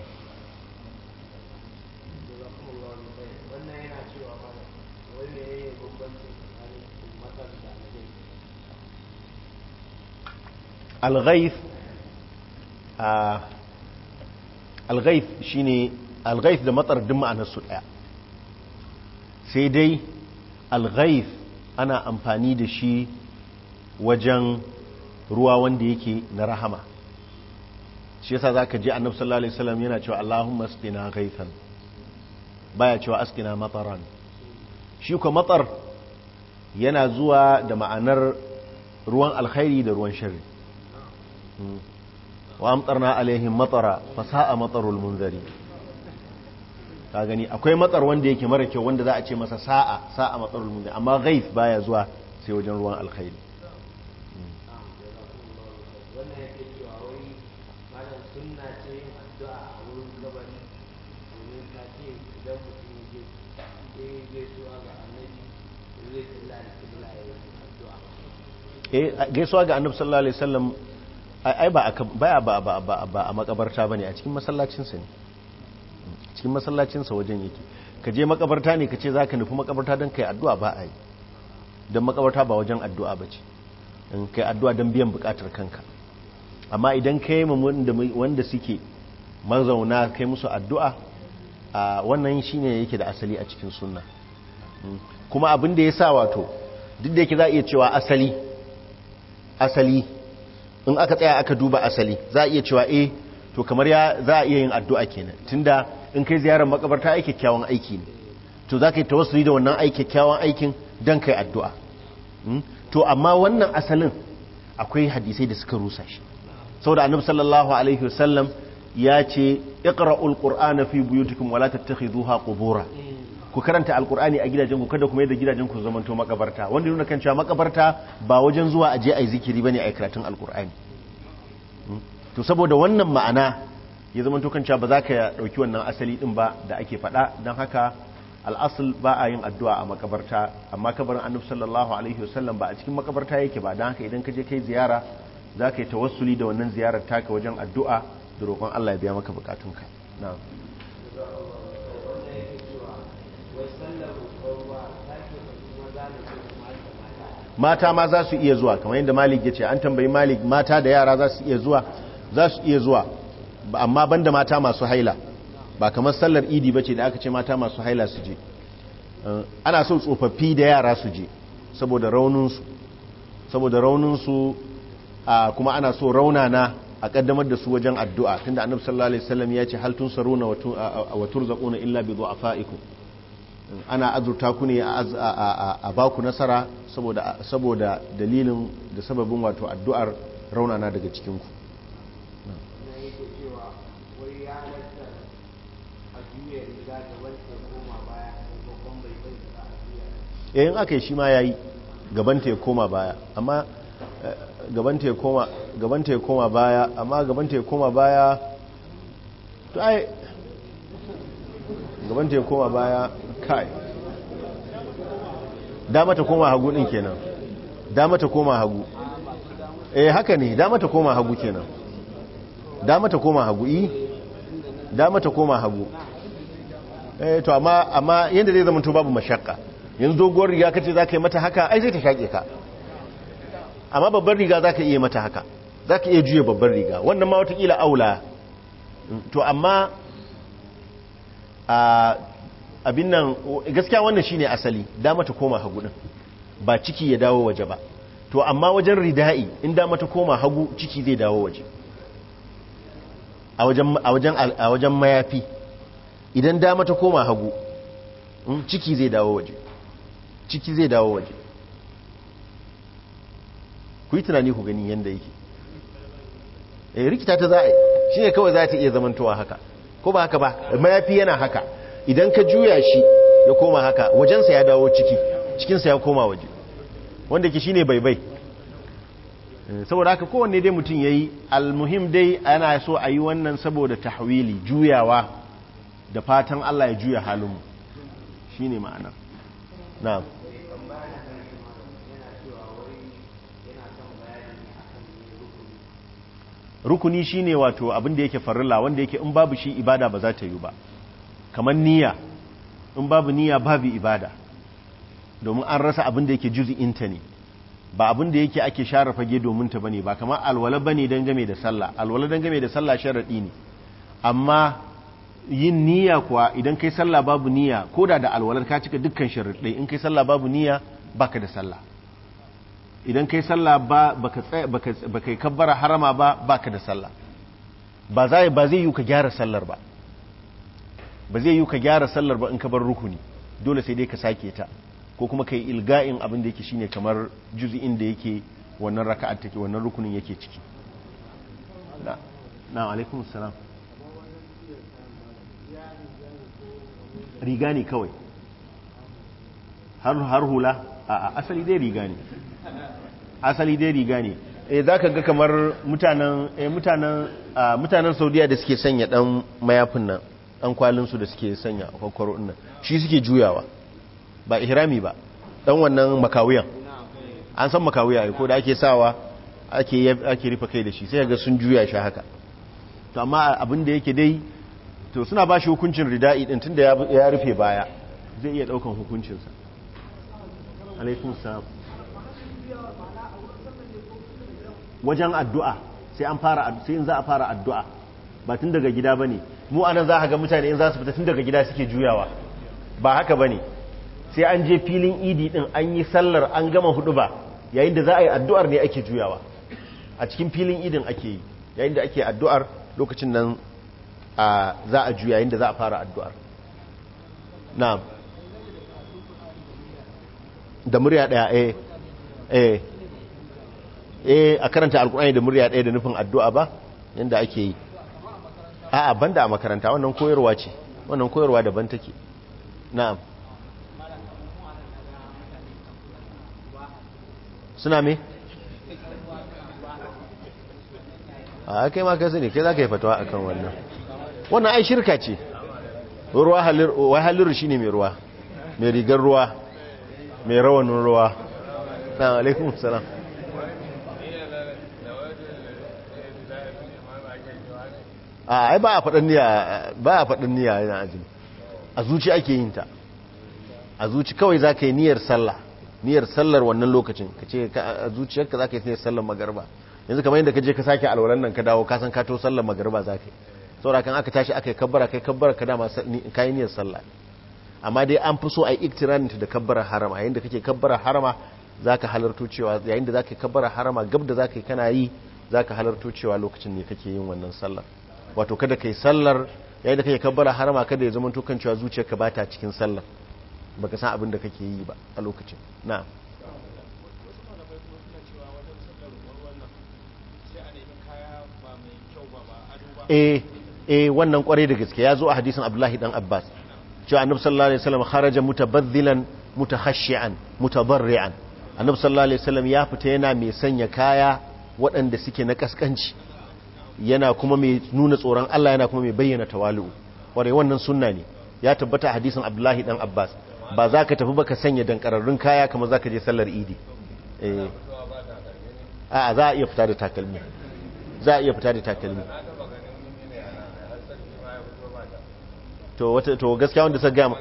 alghaif ah, alghaif shine al-ghayth da Matsar duk ma'anar su daya sai dai alghaif ana amfani da shi wajen ruwa wanda yake na rahama shi yasa zaka ji annabi sallallahu alaihi wasallam yana cewa Allahumma asqina ghaithan baya cewa asqina mataran shi ko matar yana zuwa da ma'anar ruwan alkhairi da ruwan sharri hmm. wa amtarna alaihim matara fasa'a matarul munzari ka gani akwai matsar wanda yake mara kyau wanda za a ce masa sa'a sa'a matsarul mu'min amma ghaif baya zuwa sai wajen ruwan alkhairi eh gaisuwa ga annabi sallallahu alaihi wasallam ai ba ba ba ba a makabarta bane a cikin masallacin sa ne cikin masallacinsa wajen yake ka je makabarta ne ka ce za ka nufi makabarta don kai addu'a ba a yi don makabarta ba wajen addu'a ba ce in kai addu'a don biyan bukatar kanka amma idan ka yi wanda suke mazauna kai musu addu'a a wannan shi ne yake da asali a cikin sunna hmm. kuma abin da ya sa wato duk da yake za a iya cewa asali asali in aka tsaya aka duba asali za a iya cewa eh to kamar ya za a iya yin addu'a kenan tunda in kai ziyarar makabarta ai kyakkyawan aiki ne to za ka yi tawassuli da wannan ai kyakkyawan aikin don kai addu'a hmm? to amma wannan asalin akwai hadisai da suka rusa shi sau da annabi sallallahu alaihi wasallam ya ce iqra'ul qur'ana fi buyutikum wala qubura ku karanta alqur'ani a gidajen ku kada kuma yadda gidajen ku zama to makabarta wanda nuna kan cewa makabarta ba wajen zuwa aje ai zikiri ba ne a ai karatun alqur'ani hmm? to saboda wannan ma'ana ya zama tokancewa ba za ka ɗauki wannan asali ɗin ba da ake faɗa don haka al'asul ba a yin addu'a a makabarta amma kabarin annabi sallallahu alaihi wasallam ba a cikin makabarta yake ba don haka idan ka je kai ziyara za ka yi tawassuli da wannan ziyarar taka wajen addu'a da roƙon Allah ya biya maka bukatunka na'am mata ma za su iya zuwa kamar yadda malik ya ce an tambayi malik mata da yara za za su iya zuwa amma ban da mata masu haila ba kamar sallar idi ba ce da aka ce mata masu haila su je eh, ana so tsofaffi da yara su je saboda rauninsu saboda rauninsu kuma ana so raunana a kaddamar da su wajen addu'a tunda annabi sallallahu alaihi wasallam ya ce hal tunsaruna wa turzaquna illa bi fa'iku. Eh, ana azurta ku ne a baku nasara saboda dalilin da sababin wato addu'ar raunana daga cikinku yayin eh, aka yi shi ma ya yi gabanta ya koma baya amma eh, gabanta ya koma ya koma baya amma gabanta ya koma baya to ai gabanta ya koma baya kai dama ta koma hagu din kenan dama ta koma hagu eh haka ne dama ta koma hagu kenan dama ta koma hagu yi, eh? dama ta koma hagu eh to amma amma yanda zai zama to babu mashakka yanzu doguwar riga kace ka yi mata haka ai zai ta shaƙe ka amma babbar riga ka iya mata haka ka iya juya babbar riga wannan ma wata kila aula to amma a abin nan gaskiya wannan shine asali dama ta koma hagu din ba ciki ya dawo waje ba to amma wajen rida'i in dama ta koma hagu ciki zai dawo waje a wajen mayafi idan dama ta koma hagu hmm, ciki zai dawo waje ciki zai dawo waje ku yi tunani ku gani yadda yake eh, rikita ta za'a shi ne kawai za ta iya zamantowa haka ko ba haka ba mayafi yana haka idan ka juya shi ya koma haka wajensa ya dawo ciki cikinsa ya koma waje wanda ke shi ne baibai eh, saboda haka kowanne dai mutum ya yi almuhim dai ana so a yi wannan saboda tahwili juyawa da fatan allah ya juya halinmu shi ne ma'ana na'am rukuni shine wato abin da yake farilla wanda yake in babu shi ibada ba za ta yi ba kamar niyya in babu niyya babu ibada domin an rasa abin da yake juzi ta ne ba abin da yake ake share fage domin ta bane ba kamar alwala bane game da sallah alwala game da sallah sharadi ne amma yin niyya kuwa idan kai sallah babu niyya koda da alwalar ka cika dukkan sharadai in kai sallah babu niyya baka da sallah idan kai sallah ba baka kabbara harama ba baka da sallah ba zai ba zai yi ka gyara sallar ba ba zai yi ka gyara sallar ba in ka bar rukuni dole sai dai ka sake ta ko kuma kai ilga'in abin da yake shine kamar juz'in da yake wannan raka'at take wannan rukunin yake ciki na alaikum assalam riga ne kawai har hula a asali dai riga ne asali dai riga ne eh za ka ga kamar mutanen eh, mutanen ah, mutanen saudiya da suke sanya dan mayafin nan dan kwalinsu da suke sanya a kwakwaro nan shi suke juyawa ba ihrami ba dan wannan makawiyan an san makawiya ko da ake sawa ake ake rufe kai da shi sai ga sun juya shi haka to amma abin da yake dai to suna ba shi hukuncin rida'i din tunda ya rufe baya zai iya daukan hukuncinsa alaikum salam wajen addu'a sai an fara sai in za a fara addu'a ba tun daga gida ba ne mu anan za a ga mutane in za su fita tun daga gida suke juyawa ba haka ba ne sai an je filin idi din an yi sallar an gama hudu ba yayin da za a yi addu'ar ne ake juyawa a cikin filin idin ake yi yayin da ake addu'ar lokacin nan za a juya yayin da za a fara addu'ar na'am da murya daya eh eh Eh, a karanta alkur'ani da murya ɗaya da nufin addu'a ba yadda ake yi a'a da a makaranta wannan koyarwa ce wannan koyarwa daban take na'am suna me a kai ma kai sani kai za ka yi fatawa a kan wannan wannan ai shirka ce ruwa haliru shi ne mai ruwa mai rigar ruwa mai rawanin ruwa na alaikun salam a ai ba a faɗin niyya ba a faɗin niyya yana azumi a zuci ake yin ta a zuci kawai za ka yi niyyar sallah niyyar sallar wannan lokacin ka ce a zuciyarka za ka yi niyyar sallar magarba yanzu kamar yadda ka je ka sake alwalan nan ka dawo ka san ka to sallar magarba za ka yi saboda kan aka tashi aka yi kabbara kai kabbara ka dama ka yi niyyar sallah amma dai an fi so a yi iktiraninta da kabbara harama yayin da kake kabbara harama za ka halarto cewa yayin da za ka yi kabbara harama gab da za ka yi kana yi za ka halarto cewa lokacin ne kake yin wannan sallar wato kada kai sallar yayin da kake kabbara harama kada ya zama to kan cewa zuciyarka ba ta cikin sallar baka san abin da kake yi ba a lokacin na'am eh eh wannan kwarai da gaske ya zo a hadisin Abdullahi dan Abbas cewa annabi sallallahu alaihi wasallam kharaja mutabaddilan mutakhashshi'an mutabarri'an annabi sallallahu alaihi wasallam ya fita yana mai sanya kaya waɗanda suke na kaskanci yana kuma mai nuna tsoron Allah yana kuma mai bayyana tawali'u kwarai wannan sunna ne ya tabbata a hadisin Abdullahi dan Abbas ba za ka tafi ba ka sanya dankararrun kaya kama za ka je sallar idi eh. a za a iya fita da takalmi za a iya fita da takalmi to gaskiya wanda sa gama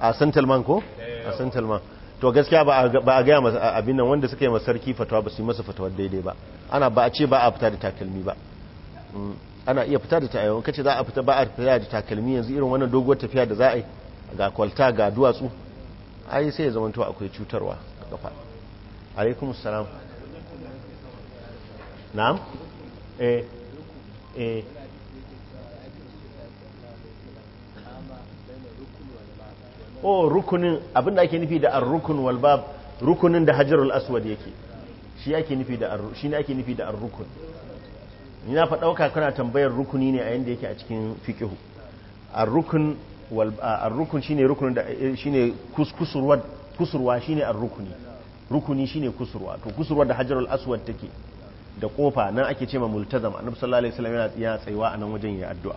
a santalman ko a santalman to gaskiya ba a gaya abin nan wanda suka yi masarki sarki fatawa ba su yi masa fatawar daidai ba ana ba a ce ba a fita da takalmi ba mm. ana iya fita da takalmi kace za a fita ba a fita da takalmi yanzu irin wannan doguwar tafiya da za a yi ga kwalta ga duwatsu ai sai ya zama to akwai cutarwa a kafa alaikum salam na'am eh eh o rukunin abinda ake nufi da ar-rukun wal bab rukunin da hajarul aswad yake shi ake nufi da ar shi ne ake nufi da ar-rukun ni na fa dauka kana tambayar rukuni ne a yanda yake a cikin fiqh ar-rukun wal ar-rukun shine rukunin da eh, shine kuskusurwa kusurwa shine ar-rukuni rukuni shine kusurwa to kusurwa da hajarul aswad take da kofa nan ake cewa multazam annabi sallallahu alaihi wasallam yana tsayuwa a nan wajen ya addu'a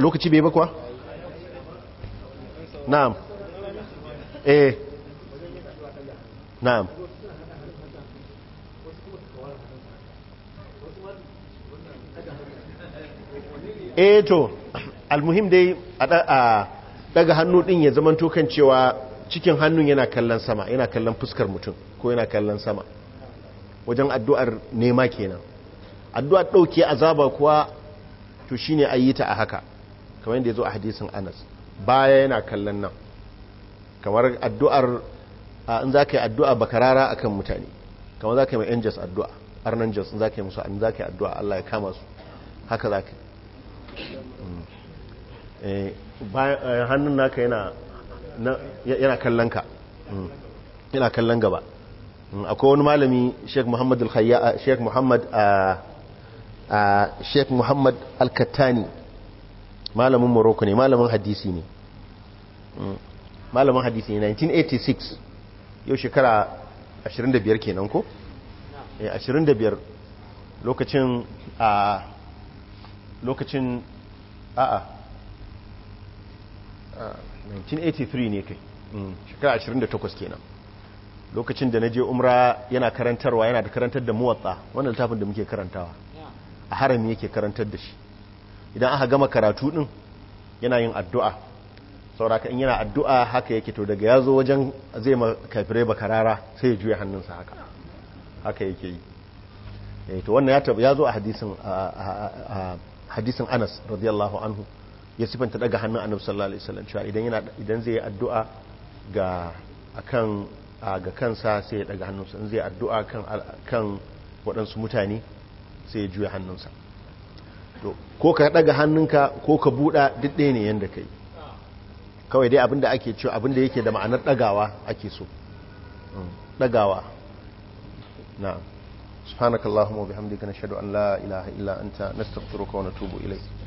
lokaci bai ba kuwa na'am eh na'am eh to almuhim dai a daga hannu din ya zama tokan cewa cikin hannun yana kallon sama yana kallon fuskar mutum ko yana kallon sama wajen addu'ar nema kenan addu'ar ɗauke azaba kuwa to shine ayyita a haka kamar yadda ya zo a hadisin anas baya yana kallon nan kamar addu'ar in za ka yi addu'a bakarara a kan mutane kamar za ka yi mai angels addu'a arnan jels in za ka yi musu in za ka yi addu'a Allah ya kama su haka za ka yi mm. eh, eh, hannun naka yana kallon ka mm. yana kallon gaba mm, akwai wani malami sheik muhammad al-khayya sheik muhammad sheik muhammad al-kattani malamin morocco ne malamin hadisi ne mm. malamin hadisi ne 1986 yau shekara 25 kenan ko? 25 eh, lokacin a lokacin a a 1983 ne kai mm, shekara 28 kenan lokacin da na je umra yana karantarwa yana da karantar da muwatsa wannan littafin da muke karantawa a harami yake karantar da shi idan aka gama karatu din yana yin addu'a sauraka in yana addu'a haka yake to daga ya zo wajen zai kafirai bakarara sai ya juye hannunsa haka haka yake yi eh, to wannan ya zo a hadisin anas radiyallahu anhu ya sifanta daga hannun annabi sallallahu alaihi wasallam cewa idan yana idan zai yi addu'a ga akan ga kansa sai ya daga hannunsa in zai addu'a kan kan waɗansu mutane sai ya juye hannunsa ko ka daga hannunka ko ka buɗa duk ɗaya ne yadda ka yi kawai dai abinda ake cewa abinda yake da ma'anar ɗagawa ake so mm, ɗagawa na subhanakallahumma bihamdika nashhadu an la ilaha illa anta nastaghfiruka wa natubu ilayk